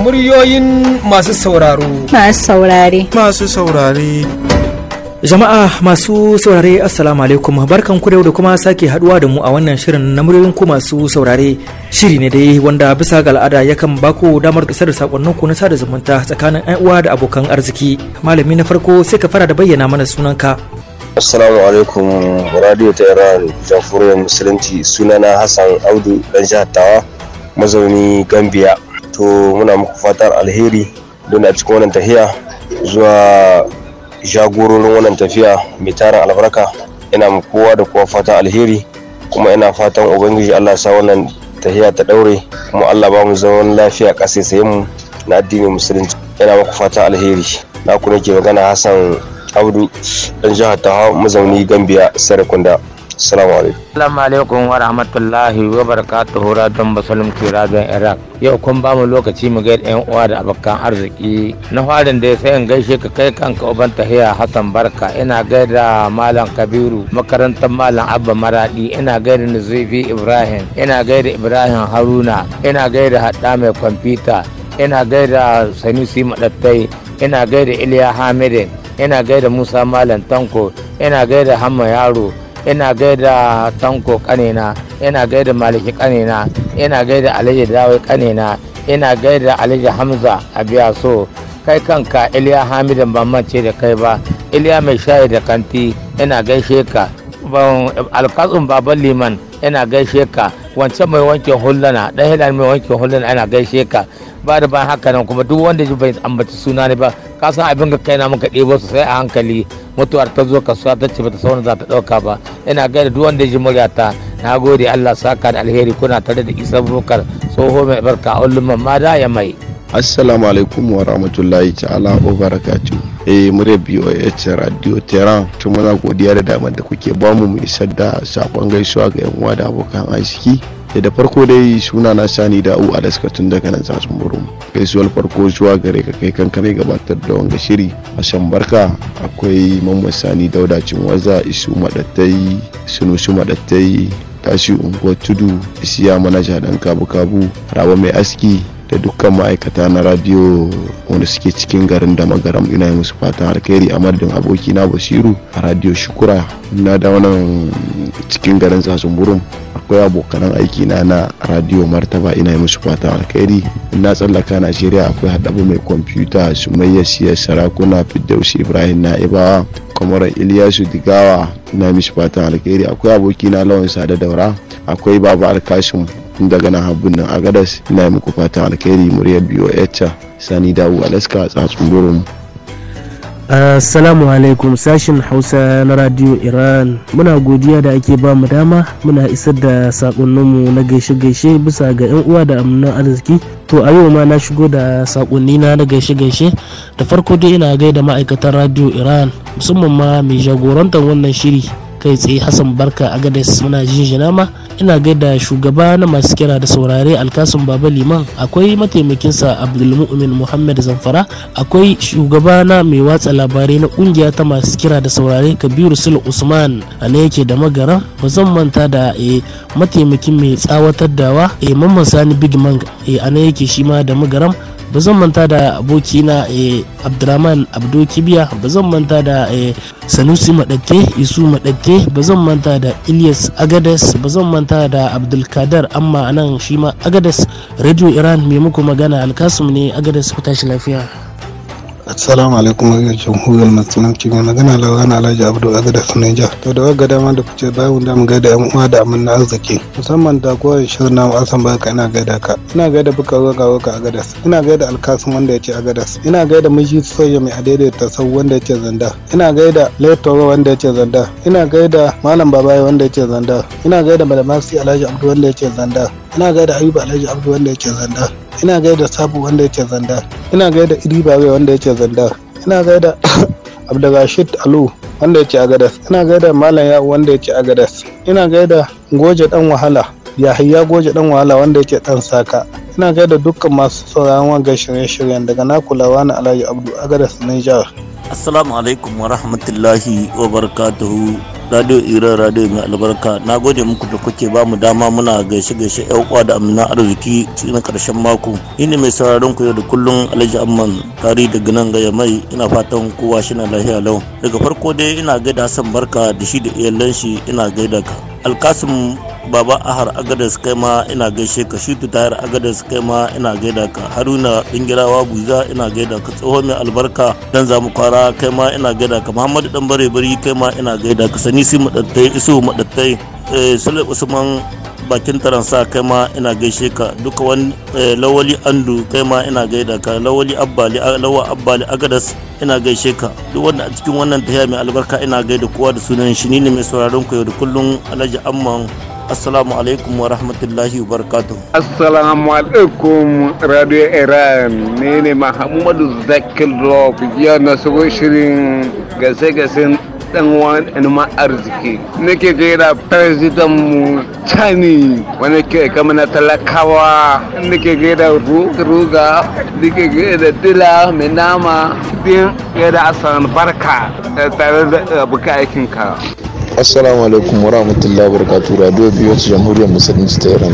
muryoyin masu sauraro masu saurare masu saurare Jama'a masu saurare Assalamu alaikum barkan ku da kuma sake haduwa da mu a wannan shirin na muryoyin ku masu saurare shiri ne dai wanda bisa ga al'ada yakan bako damar isar da sakonnin ku na sada zumunta tsakanin 'yan uwa da abokan arziki malami na farko sai ka fara da bayyana mana sunanka Assalamu alaikum radio ta Iran jamhuriyar musulunci sunana Hassan Audu dan jihar Tawa mazauni Gambia to muna muku fatar alheri don a cikin wannan tafiya zuwa jagororin wannan tafiya mai tarin albarka ina kowa da kowa fatan alheri kuma ina fatan ubangiji Allah sa wannan tahiya ta daure kuma Allah ba mu zaman lafiya sai mu na addinin musulunci yana muku fata alheri na ku nake magana Hassan Abdu dan jihar Taha mazauni Gambia Sarakunda. Salamu alaikum. Assalamu alaikum wa rahmatullahi wa barakatuhu don basalim kira don Iraq. Yau kun ba mu lokaci mu gaida yan uwa da abokan arziki. Na farin da ya sai in gaishe ka kai kanka uban tahiya Hassan Barka ina gaida Malam Kabiru makarantar Malam Abba Maradi ina gaida Nazifi Ibrahim ina gaida Ibrahim Haruna ina gaida Hadda mai kwamfuta ina gaida Sanusi Madattai ina gaida Iliya Hamidin ina gaida Musa Malam Tanko ina gaida Hamma Yaro ina gaida tanko kanena yana gaida maliki kanena ina gaida alhaji dawai kanena ina gaida alhaji hamza a biya so kai kanka iliya hamidan ban mance da kai ba iliya mai shayi da kanti ina gaishe ka alkatsun baban liman yana gaishe ka wancan mai wankin hullana dan hilal mai wankin hullana ina gaishe ka ba da ban haka kuma duk wanda bai ambaci suna ne ba ka san abin ka kaina muka ɗebo su sai a hankali mutuwar ta zo kasuwa ta ce bata sauna za ta ɗauka ba ina gaida duk wanda ya ji muryata na gode Allah saka da alheri kuna tare da isa bukar tsoho mai barka a ulumman ma da ya mai. assalamu alaikum wa rahmatullahi ta'ala wa barakatu eh murya ce radio terrain to muna godiya da damar da kuke bamu mu isar da sakon gaisuwa ga yan uwa da abokan arziki Eh, da farko dai suna na sani da u daska tun daga nan tsatsun burum gaisuwar farko zuwa gare ka kai kanka gabatar da wanga shiri a shan barka akwai mamman sani daudacin waza isu madattai su madattai tashi unguwar tudu isiya manaja dan kabu-kabu rawa mai aski da dukkan ma'aikata na radio wanda suke cikin garin da magaram ina yi musu fatan alkhairi a madadin aboki na basiru a radiyo shukura na da wannan cikin garin tsatsun burum akwai abokan aiki na na radio martaba ina yi musu fata alkhairi na tsallaka najeriya akwai haɗabu mai kwamfuta sumayya siyar sarakuna fiddausi ibrahim na'ibawa kwamarar iliyasu digawa ina musu fatan alkhairi akwai aboki na lawan sada daura akwai baba alkashin daga nan habbun nan agadas ina yi muku fatan alkhairi muryar biyo sani dawo alaska tsatsun burin Assalamu alaikum sashin Hausa na Radio Iran. Muna godiya da ake ba mu dama muna isar da sakonninmu na gaishe-gaishe bisa ga 'yan uwa da amnan arziki. To a yau ma na shigo da sakonni na na gaishe-gaishe. Da farko dai ina gaida ma'aikatan Radio Iran musamman ma mai jagorantar wannan shiri kai tsaye Hassan Barka Agades muna jinjina ma. ina gaida shugaba na masu kira da saurare alkasun baba liman akwai mataimakinsa abdulmu'min muhammad zamfara akwai shugaba na mai watsa labarai na kungiya ta masu kira da saurare kabiru sul usman a na yake da magara ba zan manta da eh, mataimakin mai tsawatar dawa eh, mamman sani big man eh, a na yake shi ma da magaram ba zan manta da abokina eh, abdurrahman abdo kibiya ba zan manta da eh, sanusi madatte isu madatte ba zan manta da ilyas agades ba zan manta da abdulkadar amma anan shi ma agades radio iran mai muku magana alkasum ne agades ku tashi lafiya Assalamu alaikum wa jamhuriyar Musulunci cikin magana lawan Alhaji Abdul Aziz da Sunaija. To da wagga dama da kuce bayan da mu gaida yan uwa da na arziki musamman da kowa shirin namu Asan Barka ina gaida ka. Ina gaida buka roga roga a gadas. Ina gaida alkasun wanda ce a gadas. Ina gaida miji soyayya mai ta sau wanda ce zanda. Ina gaida Letoro wanda ce zanda. Ina gaida Malam Babaye wanda ce zanda. Ina gaida Malamasi Alhaji Abdul wanda ce zanda. Ina gaida Ayuba Alhaji Abdul wanda ce zanda. ina gaida sabu wanda yake zandar ina gaida bare wanda yake zandar ina gaida abdulrashid alu wanda yake agadas ina gaida malam yawo wanda yake agadas ina gaida goje dan wahala yahaya goje dan wahala wanda yake dan saka ina gaida dukkan masu sauraron wanga shirye-shiryen daga na kulawa na alhaji abdu agadas niger assalamu alaikum wa rahmatullahi wa barakatuhu radio iran radio mai albarka na gode muku da kuke ba mu dama muna gaishe gaishe uwa da amina arziki cikin karshen mako ni mai sauraron ku yau da kullun alhaji amman tari daga nan gaya mai ina fatan kowa shi na lahiya lau daga farko dai ina gaida hassan barka da shi da iyalan shi ina gaida ka alkasim baba ahar su kai ma ina gaishe ka shitu tayar su kai ma ina gaida ka haruna dingirawa buza ina gaida ka tsoho mai albarka dan zamu kwara kai ma ina gaida ka muhammadu dan bare bari kai ma ina gaida ka sanisi madattai isu madattai eh, sule usman bakin taransa kai ma ina gaishe ka duka wani eh, lawali andu kai ma ina gaida ka lawali abbali lawa abbali agadas ina gaishe ka duk wanda a cikin wannan tahiya mai albarka ina gaida kowa da sunan shi ne mai sauraron ku yau da kullun alhaji amman assalamu alaikum wa rahmatullahi wa barakatuh assalamu alaikum radio iran ne ne mahammadu zakir rob na shirin gase-gasen dan wani ɗan ma arziki nake gaira president mu cani wani ke kama na talakawa nake gaira ruga nake gaira dila mai nama din gaira asan barka tare da buka aikinka assalamu alaikum wa rahmatullahi wa barakatuhu radio biyu jamhuriyar musulunci ta iran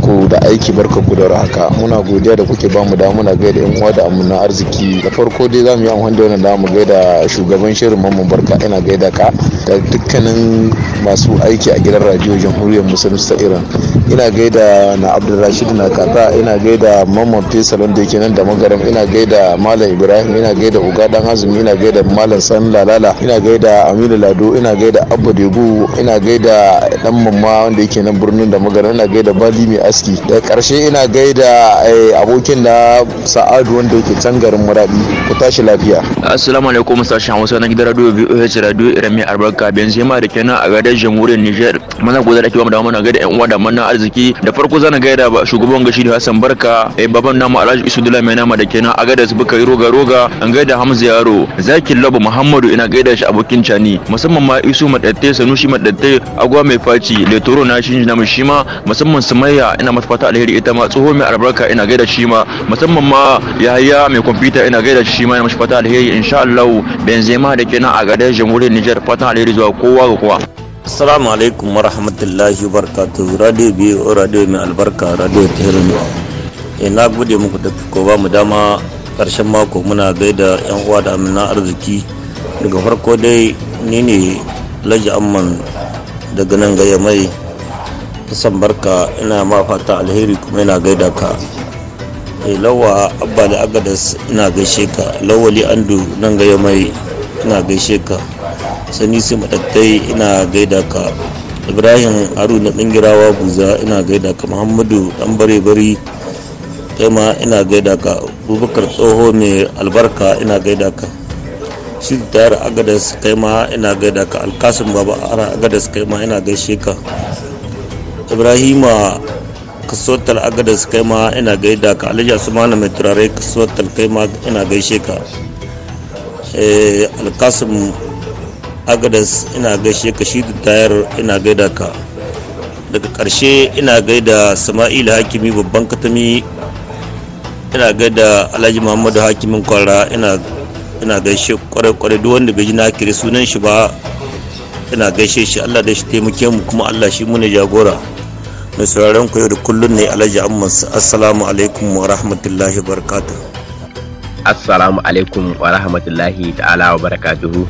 ku da aiki barka ku da haka muna godiya da kuke bamu da muna gaida yan uwa da amina arziki da farko dai zamu yi amfani da wannan da mu gaida shugaban shirin mamman barka ina gaida ka da dukkanin masu aiki a gidan radio jamhuriyar musulunci ta iran ina gaida na abdulrashid na Kaka. ina gaida mamman fesalon da yake nan da magaram ina gaida malam ibrahim ina gaida uga dan azumi ina gaida malam san lalala ina gaida aminu lado ina gaida abu Badego ina gaida dan mamma wanda yake nan birnin da magana ina gaida Bali mai aski da karshe ina gaida eh, abokin da Sa'adu wanda yake can garin Muradi ku tashi lafiya Assalamu alaikum sashen Hausa na gidan radio VOH radio Irami Albarka Benzema da kenan a gadar jamhuriyar Niger mana ku da ake ba mu da mana gaida yan uwa da mana arziki da farko zan gaida shugaban gashi da Hassan Barka eh baban namu Alhaji Isu Dula mai nama da kenan a gadar su buka roga roga an gaida Hamza Yaro Zakin Labu Muhammadu ina gaida shi abokin Cani musamman ma Isu Madad shi ma madatte agwa mai faci toro na shi na shi ma musamman sumayya ina mata fata alheri ita ma tsoho mai albarka ina gaida shi ma musamman ma yahaya mai kwamfuta ina gaida shi ma ina mashi fata alheri insha Allah benzema da kenan a gadar jamhuriyar Niger fata alheri zuwa kowa ga kowa Assalamu alaikum wa rahmatullahi wa barakatuhu radio biyu radio mai albarka radio tehran ina eh, gode muku da ko ba mu dama karshen mako muna gaida yan uwa da amina arziki daga farko dai ni ne laji amman daga nan gaya mai san barka ina ma fata alheri kuma ina gaida ka eh, lawa abba da agadas ina gaishe ka lawali andu nan gaya mai ina gaishe ka sani su matattai ina gaida ka ibrahim haruna dingirawa guza ina gaida ka muhammadu dan bare bari kai ma ina gaida ka Bubakar tsoho mai albarka ina gaida ka shi tayar agadas kai ma ina gaida ka alkasim baba ara agadas kai ma ina gaishe ka ibrahima kasuwatar agadas kai ma ina gaida ka alhaji na mai turare kasuwatar kai ma ina gaishe ka eh, alkasim agadas ina gaishe ka shi tayar ina gaida ka daga karshe ina gaida sama'ila hakimi babban katami ina gaida alhaji muhammadu hakimin kwara ina ina gaishe kwarai-kwarai duk wanda bai ji na kiri sunan shi ba ina gaishe shi Allah da shi taimake mu kuma Allah shi mu ne jagora mai sauraron ku yau da kullun ne Alhaji Ahmad assalamu alaikum wa rahmatullahi wa barakatuh assalamu alaikum wa rahmatullahi ta'ala wa barakatuhu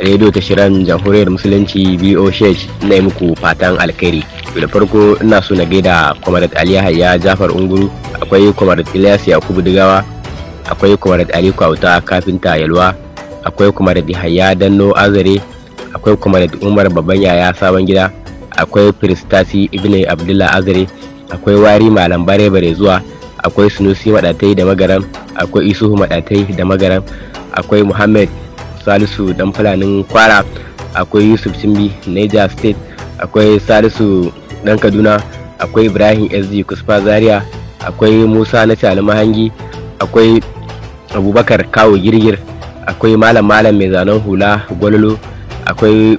radio ta shirin jamhuriyar musulunci BOSH na yi muku fatan alkhairi da farko ina so na gaida kwamarat Ali Yahaya Jafar Unguru akwai kwamarat Ilyas Yakubu Digawa akwai kuma da ali kwauta kafinta yalwa akwai kuma da yahaya danno azare akwai kuma da umar babban yaya sabon gida akwai firistasi ibn abdullah azare akwai wari malam bare bare zuwa akwai sunusi madatai da magaran. akwai isuhu madatai da magaran. akwai muhammad salisu dan fulanin kwara akwai yusuf cimbi niger state akwai salisu dan kaduna akwai ibrahim sg kusfa zaria akwai musa na cali mahangi akwai abubakar kawo girgir akwai malam malam mai zanen hula gwalolo akwai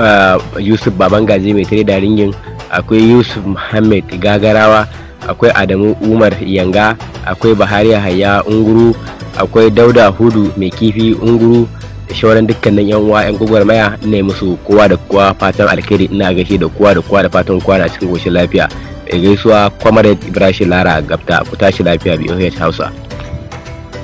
uh, yusuf gaji mai tare da ringin akwai yusuf muhammad gagarawa akwai adamu umar yanga akwai bahari hayya unguru akwai dauda hudu mai kifi unguru da shauran dukkanin yan uwa yan gwagwarmaya ne musu kowa da kowa fatan alkhairi ina gashi da kowa da kowa da fatan kowa na cikin koshin lafiya Eh, gaisuwa comrade ibrahim lara gabta ku tashi lafiya boh hausa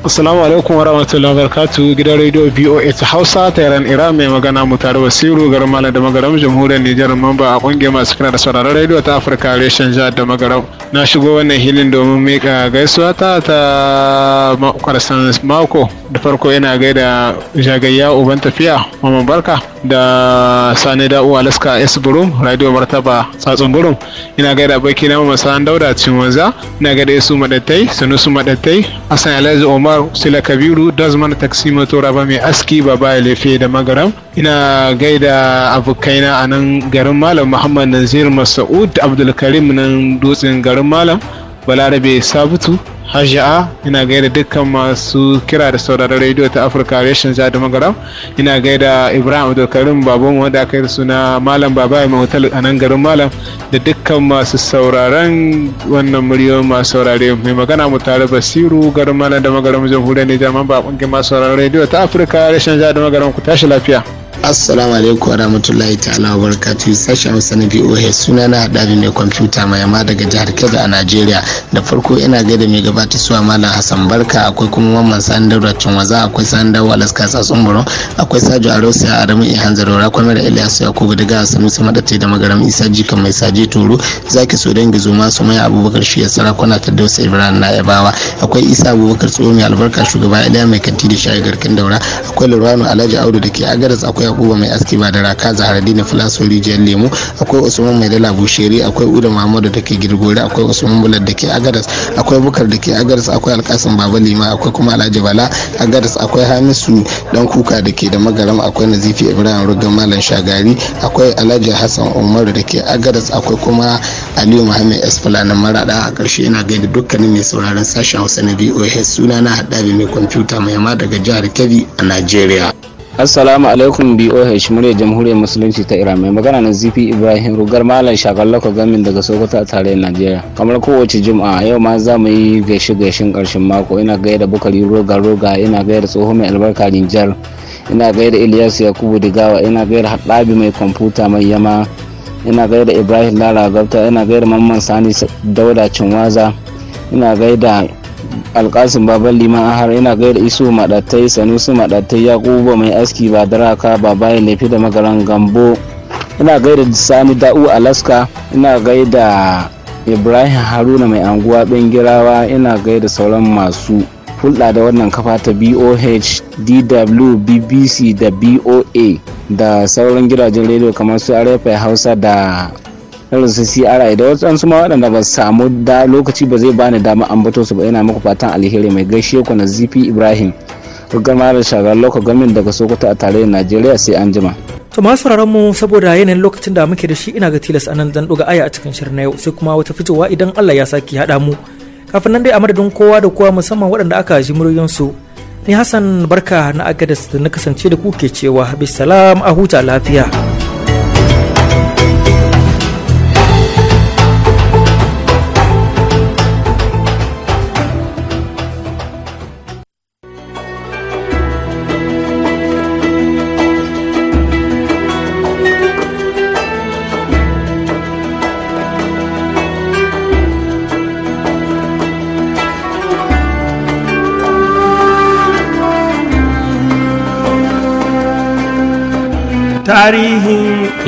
Assalamu alaikum wa rahmatullahi wa barakatu gidan rediyo BOH Hausa ta yaran Iran mai magana mu tare siru garin Malam da Magaram Jamhuriyar Nijar mamba a kungiyar masu kira da sauraron rediyo ta Afirka reshen jihar da Magaram. Na shigo wannan hilin domin mika gaisuwa ta ta makwarsan mako da farko yana gaida jagayya uban tafiya mamman Barka da sani da uwa laska s burum radio martaba tsatsun burum ina gaida baki na masan dauda wanza ina gaida su madattai su madattai hassan alhaji omar sila kabiru dozman taksi motora ba mai aski baba ya lefe da magaram ina gaida abokaina a nan garin malam muhammad nazir masa'ud abdulkarim nan dutsen garin malam balarabe sabutu hajiya ina gaida dukkan masu kira da sauraron rediyo ta afirka reshen za da magaram ina gaida ibrahim abdulkarim baban wanda aka yi da suna malam baba mai hotel a nan garin malam da dukkan masu sauraron wannan muryoyin masu saurare mai magana mu tare basiru garin malam da magaram jamhuriyar nijar man ba kungiyar masu sauraron rediyo ta afirka reshen za da magaram ku tashi lafiya. assalamu alaikum warahmatullahi ta'ala barakatuhu sashen hausa na voa suna na haɗari mai kwamfuta mai yamma daga jihar kebbi a najeriya da farko ina gaida mai gabata suwa malam hassan barka akwai kuma mamman sandar waza akwai sandar walas kasa tsumburo akwai sajo arosa a aramu ihan zarora kwamar ilyas yakubu daga a su madatte da magaram isa jika mai saje toro zaki so don gizo masu maya abubakar shi ya sarakuna ta dausa ibrahim na yabawa akwai isa abubakar tsoho mai albarka shugaba iliya mai kanti da shayi garkin daura akwai lurano alhaji audu da ke agaras akwai yakuba mai aski ba da raka dina filaso rijiyar lemu akwai usman mai dala bushiri akwai uda muhammadu da ke girgori akwai usman bulat da ke agadas akwai bukar da ke agadas akwai alkasin baba lima akwai kuma alhaji bala agadas akwai hamisu dan kuka da ke da magaram akwai nazifi ibrahim rugan malam shagari akwai alhaji hassan umaru da ke agadas akwai kuma aliyu muhammad esplanin marada a karshe ina gaida dukkanin mai sauraron sashen hausa na voh suna na haɗa mai kwamfuta mai ma daga jihar kebbi a najeriya assalamu alaikum boh murya jamhuriyar musulunci ta iran mai magana na zifi ibrahim rugar malam shagallako gamin daga sokoto a tarayyar najeriya kamar kowace juma'a yau ma za mu yi gaishe gaishen karshen mako ina gaida bukari roga roga ina gaida tsoho mai albarka nijar ina gaida ilyas yakubu digawa ina gaida haɗabi mai kwamfuta mai yama ina gaida ibrahim lara gabta ina gaida mamman sani dauda cinwaza ina gaida alkasin Babal liman har ina gaida iso isu maɗattai sanusi ya yakubu mai aski ba daraka ba bayan laifi da magaran gambo ina gaida sani da'u alaska ina gaida ibrahim haruna mai anguwa bengirawa ina gaida sauran masu hulɗa da wannan kafa ta boh dw bbc da boa da sauran gidajen rediyo kamar su arefai hausa da irin su CRI da wasu ma waɗanda ba samu da lokaci ba zai bani dama ambato su ba yana muku fatan alheri mai gaishe ku na zp Ibrahim gama da shagar lokacin gamin daga Sokoto a tarayyar Najeriya sai an jima. To masu mu saboda yanayin lokacin da muke da shi ina ga tilas anan zan ɗuga aya a cikin shirin na yau sai kuma wata fitowa idan Allah ya saki haɗa mu. Kafin nan dai a madadin kowa da kowa musamman waɗanda aka ji muryoyinsu ni Hassan barka na agadas da na kasance da ku ke cewa bisalam a huta lafiya.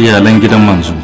iyalan gidan manzo.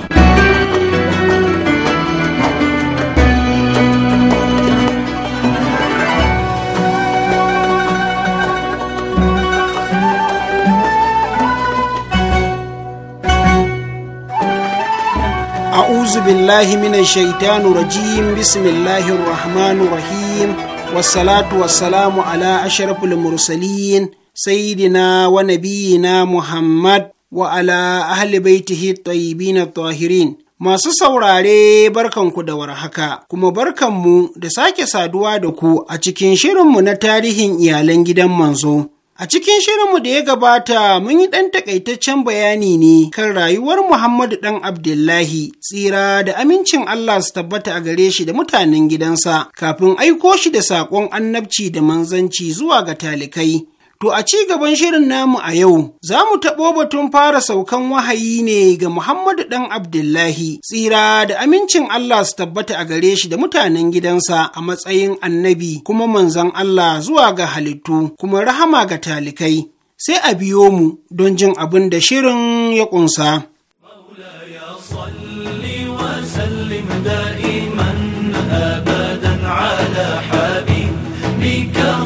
A'uzu billahi minan shaitanu rajim bismillahir rahmanir rahim wassalatu wassalamu ala ashrafil mursalin sayyidina wa nabiyina Muhammad wa ala ahli baitihi tayyibin tahirin Masu saurare barkanku da warhaka, kuma barkanmu da sake saduwa da ku a cikin shirin mu na tarihin iyalan gidan manzo. A cikin shirin mu da ya gabata mun yi ɗan takaitaccen bayani ne kan rayuwar Muhammadu ɗan Abdullahi tsira da amincin Allah su tabbata a gare shi da mutanen gidansa kafin aiko shi da saƙon annabci da manzanci zuwa ga talikai. To a ci gaban shirin namu a yau, za mu taɓo batun fara saukan wahayi ne ga Muhammadu ɗan Abdullahi, tsira da amincin Allah su tabbata a gare shi da mutanen gidansa a matsayin annabi kuma manzan Allah zuwa ga halittu kuma rahama ga talikai. Sai a biyo mu don jin abin da shirin ya ƙunsa.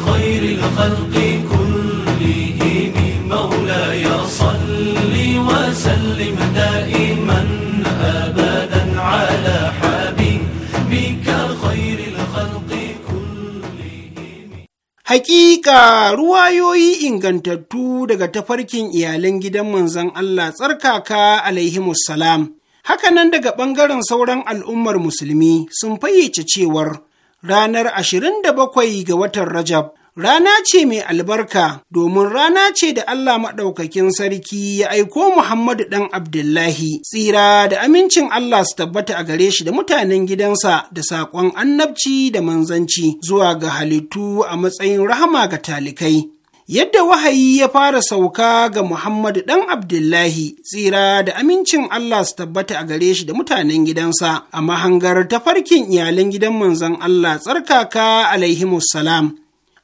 خير Hakika ruwayoyi ingantattu daga tafarkin iyalan gidan manzon Allah tsarkaka salam. Hakanan daga ɓangaren sauran al'ummar musulmi sun fayyace cewar ranar 27 ga watan Rajab Rana ce mai albarka domin rana ce da Allah maɗaukakin sarki ya aiko Muhammadu ɗan Abdullahi, tsira da amincin Allah su tabbata a gare shi da mutanen gidansa da saƙon annabci da manzanci zuwa ga halittu a matsayin rahama ga talikai. yadda wahayi ya fara sauka ga Muhammadu ɗan Abdullahi tsira da amincin Allah su tabbata a gare shi da mutanen gidansa a mahangar tafarkin iyalan gidan manzon Allah tsarkaka salam.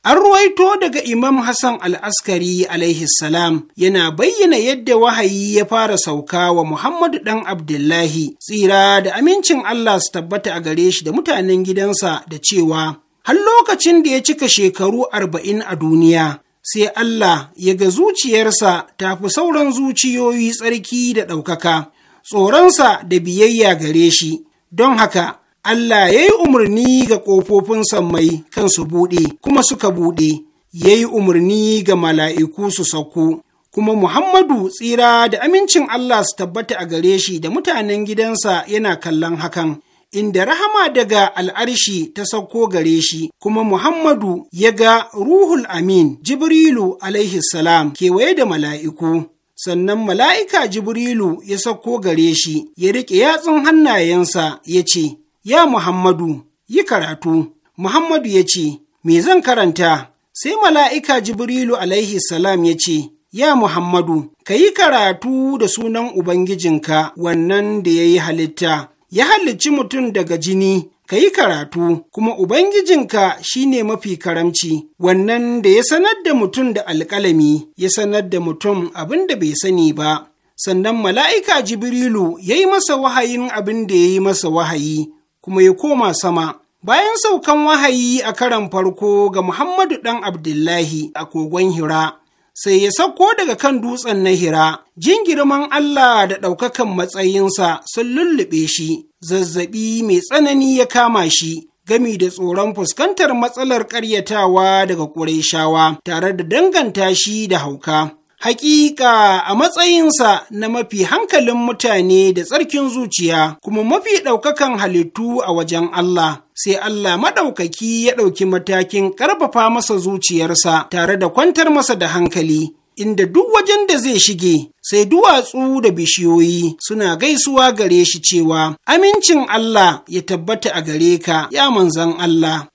An ruwaito daga Imam Hassan al'askari alaihi salam yana bayyana yadda wahayi ya fara sauka wa Muhammadu ɗan Abdullahi, tsira da amincin Allah su tabbata a gare shi da mutanen gidansa da cewa, har lokacin da ya cika shekaru arba'in a duniya, sai Allah ya ga zuciyarsa ta fi sauran zuciyoyi tsarki da ɗaukaka, tsoronsa da biyayya gare shi, don haka Allah ya yi umarni ga ƙofofin sammai kansu buɗe, kuma suka buɗe, ya yi umarni ga mala'iku su sauko, kuma Muhammadu tsira da amincin Allah su tabbata a gare shi da mutanen gidansa yana kallon hakan. inda rahama daga al'arshi ta sauko gare shi, kuma Muhammadu ya ga Ruhul Amin, Jibrilu alaihi salam kewaye da mala'iku. Sannan mala'ika Jibrilu ya sauko gare shi, ya riƙe yatsun hannayensa ya ce, Ya Muhammadu, yi karatu. Muhammadu ya ce, Me zan karanta? Sai mala'ika Jibrilu alaihi salam ya ce, Ya Muhammadu, ka yi karatu da sunan Ubangijinka wannan da ya yi halitta, ya halicci mutum daga jini, ka yi karatu, kuma Ubangijinka shi ne mafi karamci, wannan da ya sanar da mutum da alƙalami, ya sanar da mutum abin da bai sani ba. Sannan mala'ika Jibrilu ya yi masa wahayin abin da ya yi masa wahayi, kuma ya koma sama. Bayan saukan wahayi a karan farko ga Muhammadu ɗan Abdullahi a kogon Hira, sai ya sauko daga kan dutsen na Hira, jingirman Allah da ɗaukakan matsayinsa sun lullube shi, zazzaɓi mai tsanani ya kama shi. Gami da tsoron fuskantar matsalar ƙaryatawa daga Ƙurayshawa tare da danganta shi da hauka. Hakika a matsayinsa na mafi hankalin mutane da tsarkin zuciya, kuma mafi ɗaukakan halittu a wajen Allah, sai Allah maɗaukaki ya ɗauki matakin ƙarfafa masa zuciyarsa tare da kwantar masa da hankali, inda duk wajen da zai shige, sai duwatsu da bishiyoyi suna gaisuwa gare shi cewa, Amincin Allah ya tabbata a gare ka, ya manzan Allah.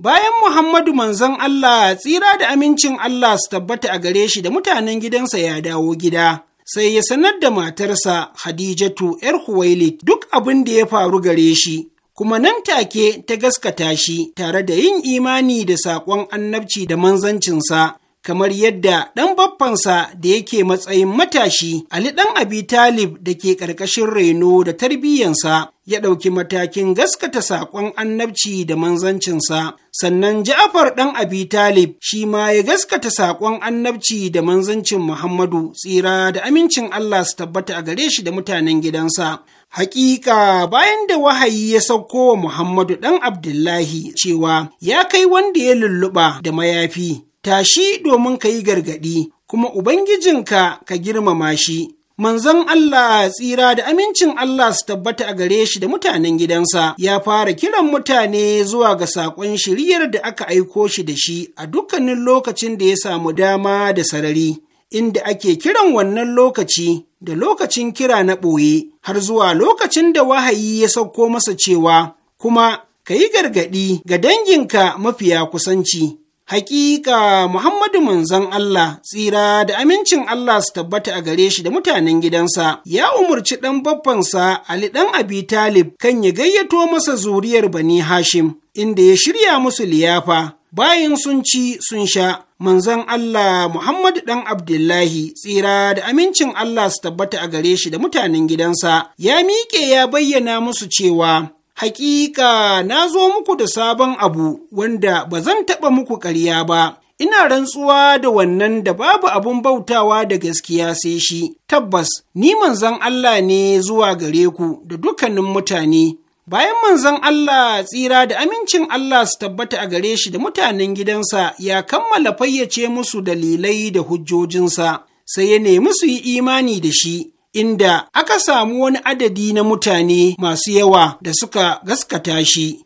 Bayan Muhammadu manzon Allah tsira da amincin Allah su tabbata a gare shi da mutanen gidansa ya dawo gida, sai ya sanar da matarsa Hadijatu ‘yar Huwailit duk abin da ya faru gare shi, kuma nan take ta gaskata shi tare da yin imani da saƙon annabci da manzancinsa. kamar yadda ɗan baffansa da yake matsayin matashi Ali ɗan Abi Talib da ke ƙarƙashin reno da tarbiyyansa ya ɗauki matakin gaskata saƙon annabci da manzancinsa. Sannan Ja'afar ɗan Abi Talib shi ma ya gaskata saƙon annabci da manzancin Muhammadu tsira da amincin Allah su tabbata a gare shi da mutanen gidansa. Hakika bayan da wahayi ya sauko wa Muhammadu ɗan Abdullahi cewa ya kai wanda ya lulluɓa da mayafi tashi domin ka yi gargaɗi, kuma Ubangijinka ka girmama shi. Manzon Allah tsira da amincin Allah su tabbata a gare shi da mutanen gidansa ya fara kiran mutane zuwa ga saƙon shiriyar da aka aiko shi da shi a dukkanin lokacin da ya samu dama da sarari. inda ake kiran wannan lokaci da lokacin kira na ɓoye har zuwa lokacin da wahayi ya sauko masa cewa kuma ka yi gargaɗi ga danginka mafiya kusanci Hakika Muhammadu manzon Allah tsira da amincin Allah su tabbata a gare shi da mutanen gidansa ya umurci ɗan babbansa Ali ɗan Abi Talib kan ya gayyato masa zuriyar Bani Hashim inda ya shirya musu liyafa bayan sun ci sun sha manzon Allah Muhammadu ɗan Abdullahi tsira da amincin Allah su tabbata a gare shi da mutanen gidansa ya miƙe ya bayyana musu cewa Hakika na zo muku da sabon abu wanda ba zan taɓa muku ƙarya ba, ina rantsuwa da wannan da babu abin bautawa da gaskiya sai shi, tabbas ni manzon Allah ne zuwa gare ku da dukkanin mutane. Bayan manzon Allah tsira da amincin Allah su tabbata a gare shi da mutanen gidansa ya kammala fayyace musu dalilai da hujjojinsa, sai ya nemi su yi imani da shi, inda aka samu wani adadi na mutane masu yawa da suka gaskata shi.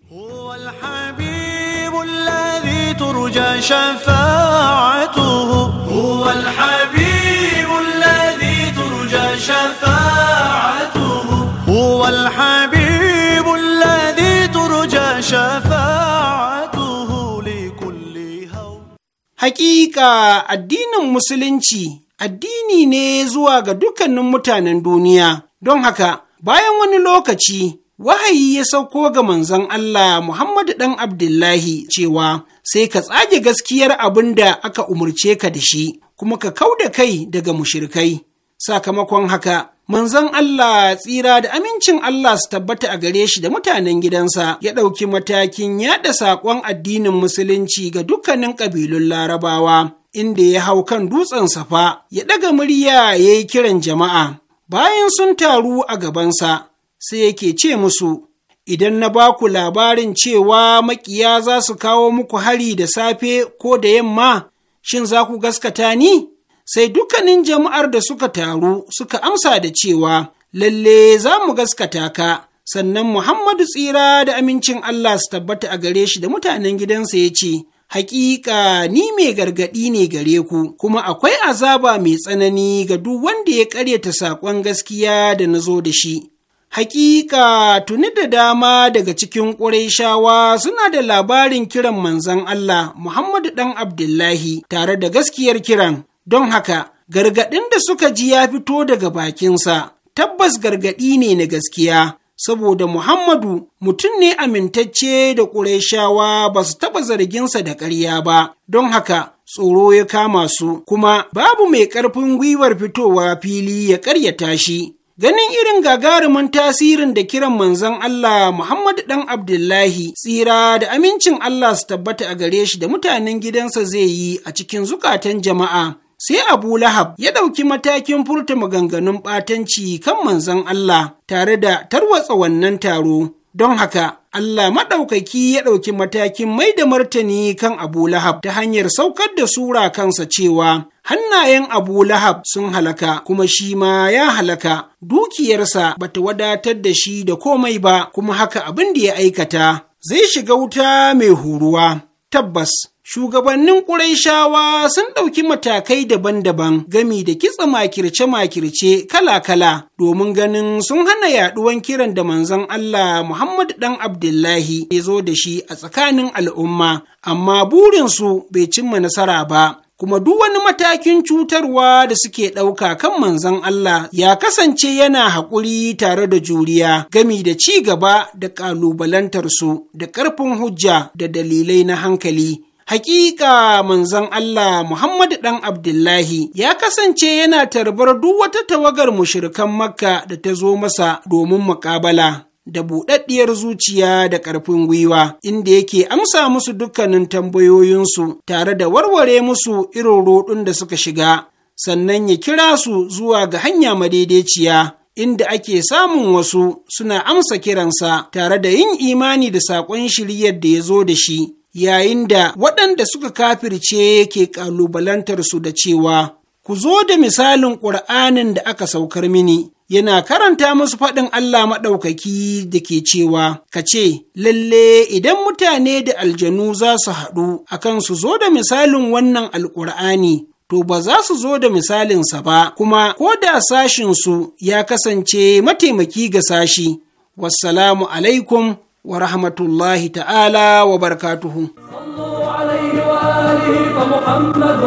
Hakika addinin Musulunci addini ne zuwa ga dukkanin mutanen duniya. Don haka, bayan wani lokaci, wahayi ya sauko ga manzon Allah Muhammadu ɗan Abdullahi cewa sai ka tsage gaskiyar abin da aka umarce ka da shi, kuma ka kau da kai daga mushirikai. Sakamakon haka, manzon Allah tsira da amincin Allah su tabbata a gare shi da mutanen gidansa ya ɗauki matakin yaɗa saƙon addinin musulunci ga dukkanin ƙabilun larabawa inda ya hau kan dutsen safa ya ɗaga murya ya yi kiran jama'a. Bayan sun taru a gabansa, sai yake ce musu, Idan na ba ku labarin cewa maƙiya za su kawo muku hari da safe ko da yamma, shin za ku gaskata ni? Sai dukkanin jama'ar da suka taru suka amsa da cewa, Lalle za mu gaskata ka. sannan Muhammadu tsira da amincin Allah su tabbata a gare shi da mutanen gidansa ya ce, Hakika ni mai gargaɗi ne gare ku, kuma akwai azaba mai tsanani ga duk wanda ya ƙaryata saƙon gaskiya da na zo da shi. Hakika tuni da dama daga cikin ƙuraishawa suna da labarin kiran manzon Allah Muhammadu ɗan Abdullahi tare da gaskiyar kiran, don haka gargaɗin da suka ji ya fito daga bakinsa, tabbas gargaɗi ne na gaskiya. saboda Muhammadu mutum ne amintacce da Ƙurayshawa ba su taɓa zarginsa da ƙarya ba, don haka tsoro ya kama su, kuma babu mai ƙarfin gwiwar fitowa fili ya ƙaryata shi. Ganin irin gagarumin tasirin da kiran manzon Allah Muhammadu ɗan Abdullahi tsira da amincin Allah su tabbata a gare shi da mutanen gidansa zai yi a cikin zukatan jama'a sai Abu Lahab ya ɗauki matakin furta maganganun ɓatanci kan manzon Allah tare da tarwatsa wannan taro. Don haka, Allah maɗaukaki ya ɗauki matakin mai da martani kan Abu Lahab ta hanyar saukar da sura kansa cewa hannayen Abu Lahab sun halaka kuma shi ma ya halaka dukiyarsa bata wadatar da shi da komai ba kuma haka abin da ya aikata zai shiga wuta mai huruwa tabbas Shugabannin Ƙuraishawa sun ɗauki matakai daban-daban gami da kitsa makirce-makirce kala-kala domin ganin sun hana yaɗuwan kiran da manzon Allah Muhammad ɗan Abdullahi ya zo da shi a tsakanin al'umma, amma burinsu bai cimma nasara ba. kuma duk wani matakin cutarwa da suke ɗauka kan manzon Allah ya kasance yana haƙuri tare da juriya gami da ci gaba da ƙalubalantarsu da ƙarfin hujja da dalilai na hankali. Hakika manzon Allah Muhammadu ɗan Abdullahi ya kasance yana tarbar duk wata tawagar mushirikan Makka da ta zo masa domin muƙabala. da buɗaɗɗiyar zuciya da ƙarfin gwiwa, inda yake amsa musu dukkanin tambayoyinsu tare da warware musu irin roɗun da suka shiga, sannan ya kira su zuwa ga hanya madaidaiciya. Inda ake samun wasu suna amsa kiransa tare da yin imani da saƙon shiryar da ya zo da shi, yayin da waɗanda suka kafirce ke ƙalubalantarsu da cewa, Ku zo da misalin ƙur'anin da aka saukar mini, yana karanta musu faɗin Allah maɗaukaki da ke cewa, Ka ce, lalle idan mutane da aljanu za su haɗu a kan su zo da misalin wannan alƙur'ani, to ba za su zo da misalinsa ba, kuma ko da sashinsu ya kasance mataimaki ga sashi. Wassalamu alaikum ورحمة الله تعالى وبركاته صلوا عليه وآله فمحمد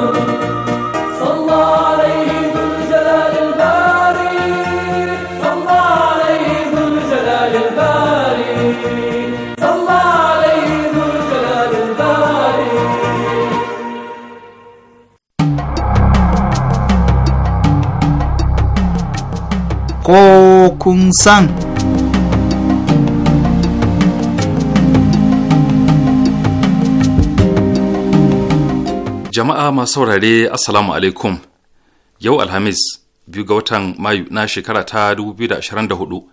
صلى عليه ذو الجلال الباري صلى عليه ذو الجلال الباري صلى عليه ذو الجلال الباري ko kun Jama'a masu saurare Assalamu alaikum. Yau Alhamis, biyu ga watan Mayu na shekara ta 2024,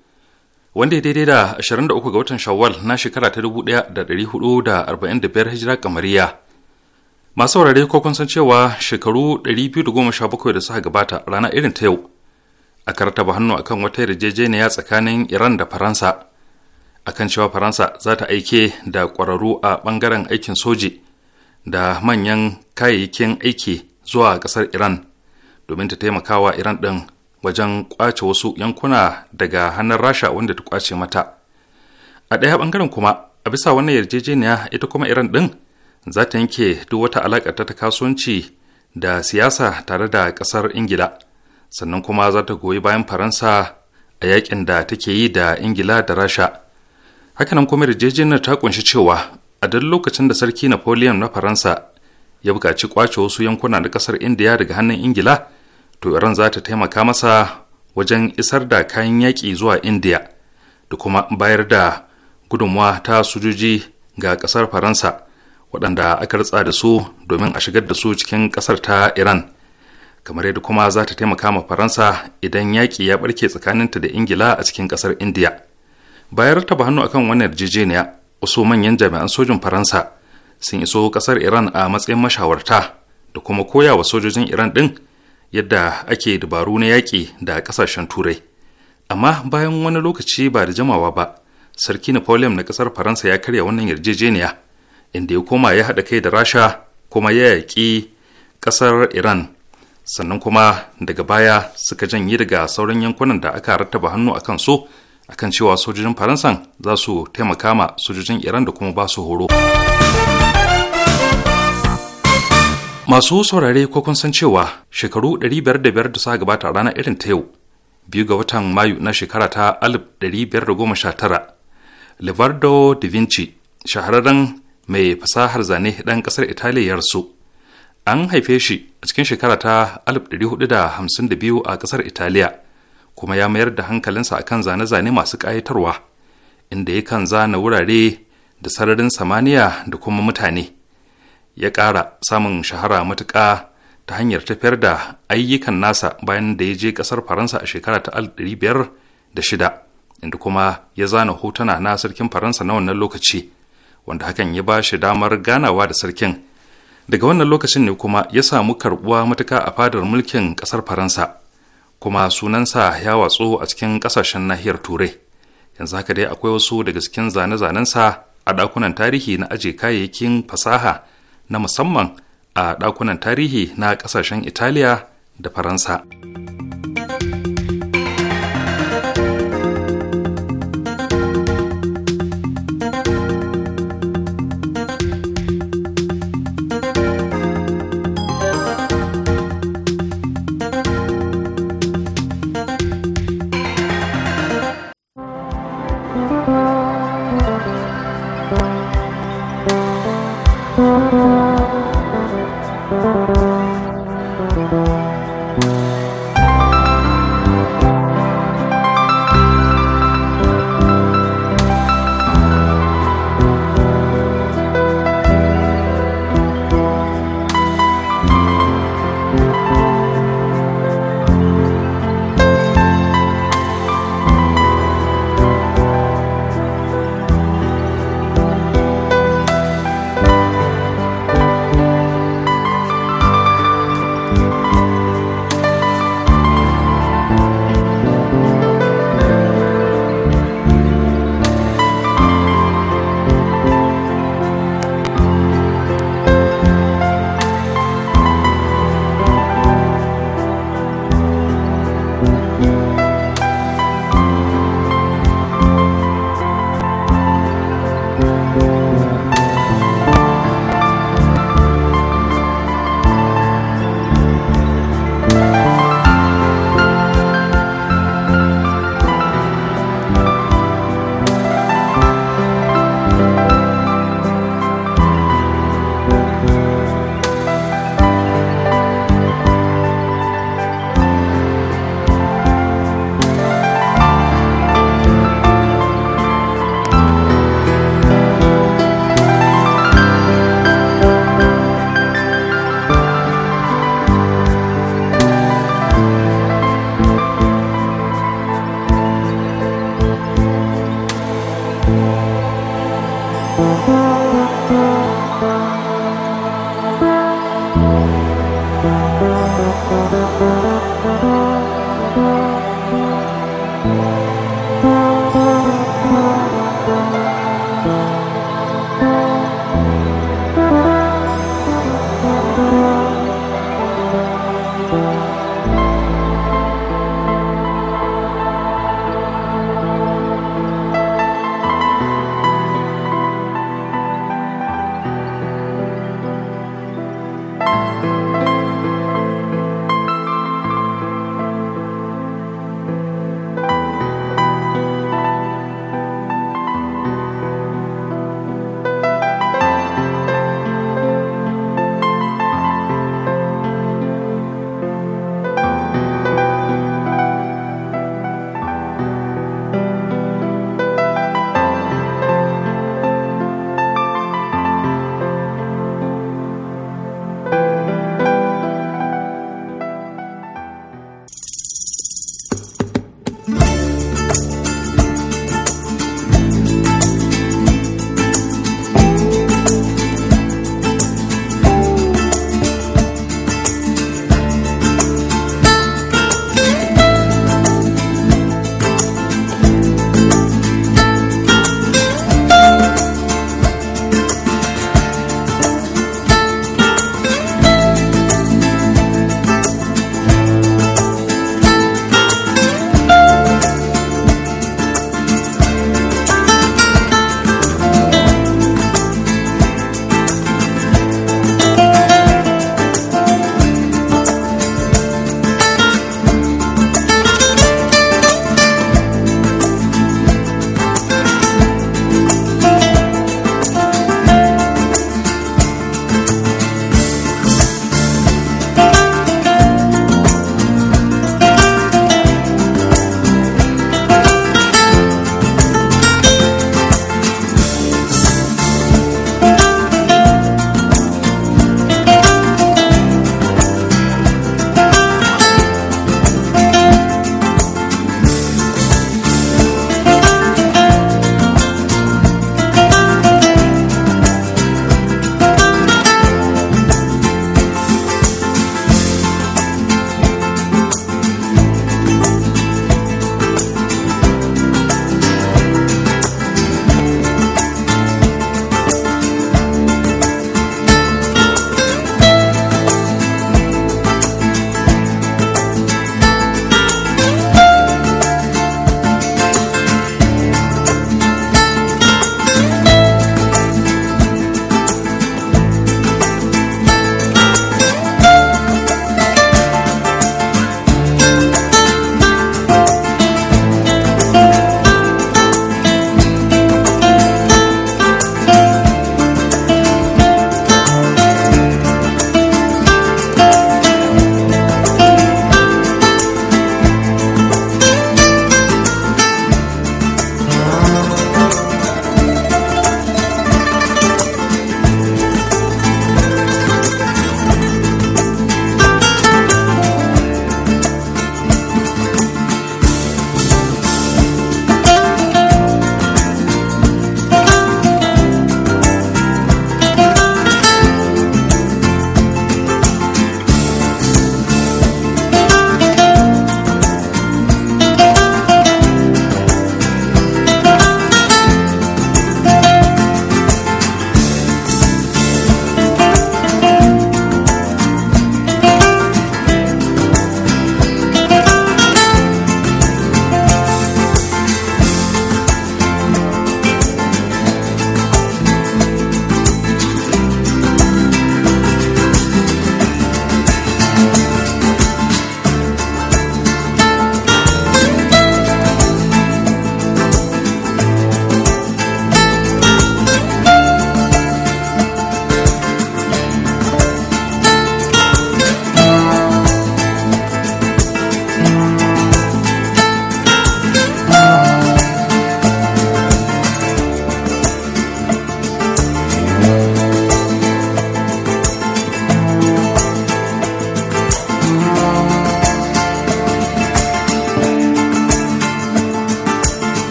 wanda ya daidai da 23 ga watan Shawwal na shekara ta 1445 hijira kamariya. Masu saurare ko kun san cewa shekaru 217 da suka gabata rana irin ta yau, a karta ba hannu akan wata yarjejeniya tsakanin Iran da Faransa. akan cewa Faransa za ta aike da ƙwararru a ɓangaren aikin soji da manyan kayayyakin aiki zuwa ƙasar iran domin ta taimaka wa iran ɗin wajen ƙwace wasu yankuna daga hannun rasha wanda ta ƙwace mata a ɗaya ɓangaren kuma a bisa wannan yarjejeniya ita kuma iran ɗin za ta yanke duk wata alaƙa ta kasuwanci da siyasa tare da ƙasar ingila sannan kuma za ta goyi bayan faransa a yaƙin da take yi da ingila da rasha hakanan kuma yarjejeniyar ta ƙunshi cewa a duk lokacin da sarki napoleon na faransa ya buƙaci kwace wasu yankuna da ƙasar indiya daga hannun ingila to iran za ta taimaka masa wajen isar da kayan yaƙi zuwa indiya da kuma bayar da gudunmawa ta sojoji ga ƙasar faransa waɗanda aka ritsa da su domin a shigar da su cikin ƙasar ta iran kamar yadda kuma za ta taimaka ma faransa idan yaƙi ya ɓarke tsakaninta da ingila a cikin ƙasar indiya bayar ta hannu akan wannan yarjejeniya wasu manyan jami'an sojin faransa sun iso kasar iran a matsayin mashawarta da kuma koya wa sojojin iran din yadda ake dabaru na yaƙi da ƙasashen turai amma bayan wani lokaci ba da jamawa ba sarki napoleon na ƙasar faransa ya karya wannan yarjejeniya inda ya koma ya haɗa kai da rasha kuma ya yaƙi ƙasar iran sannan kuma daga baya suka janye daga sauran yankunan da aka rattaba hannu a kansu so akan cewa sojojin faransan za su taimaka ma sojojin iran da kuma ba su horo masu saurare ko kun san cewa shekaru 505 da suka gabata a ranar irin ta yau biyu ga watan mayu na shekara ta 1519 livardo da vinci shahararren mai fasahar zane dan kasar italiya ya rasu an haife shi a cikin shekara ta 1452 a kasar italiya kuma ya mayar da hankalinsa akan zane-zane masu ƙayatarwa inda ya kan zana wurare da sararin samaniya da kuma mutane ya ƙara samun shahara matuƙa ta hanyar tafiyar da ayyukan nasa bayan da ya je ƙasar faransa a shekara ta da shida inda kuma ya zana hotuna na sarkin faransa na wannan lokaci wanda hakan ya ba shi damar ganawa da sarkin daga wannan lokacin ne kuma ya samu karbuwa matuka a fadar mulkin ƙasar faransa kuma sunansa ya watsu a cikin ƙasashen nahiyar turai yanzu haka dai akwai wasu daga cikin zane-zanensa a ɗakunan tarihi na aje kayayyakin fasaha na musamman a ɗakunan tarihi na ƙasashen italiya da faransa.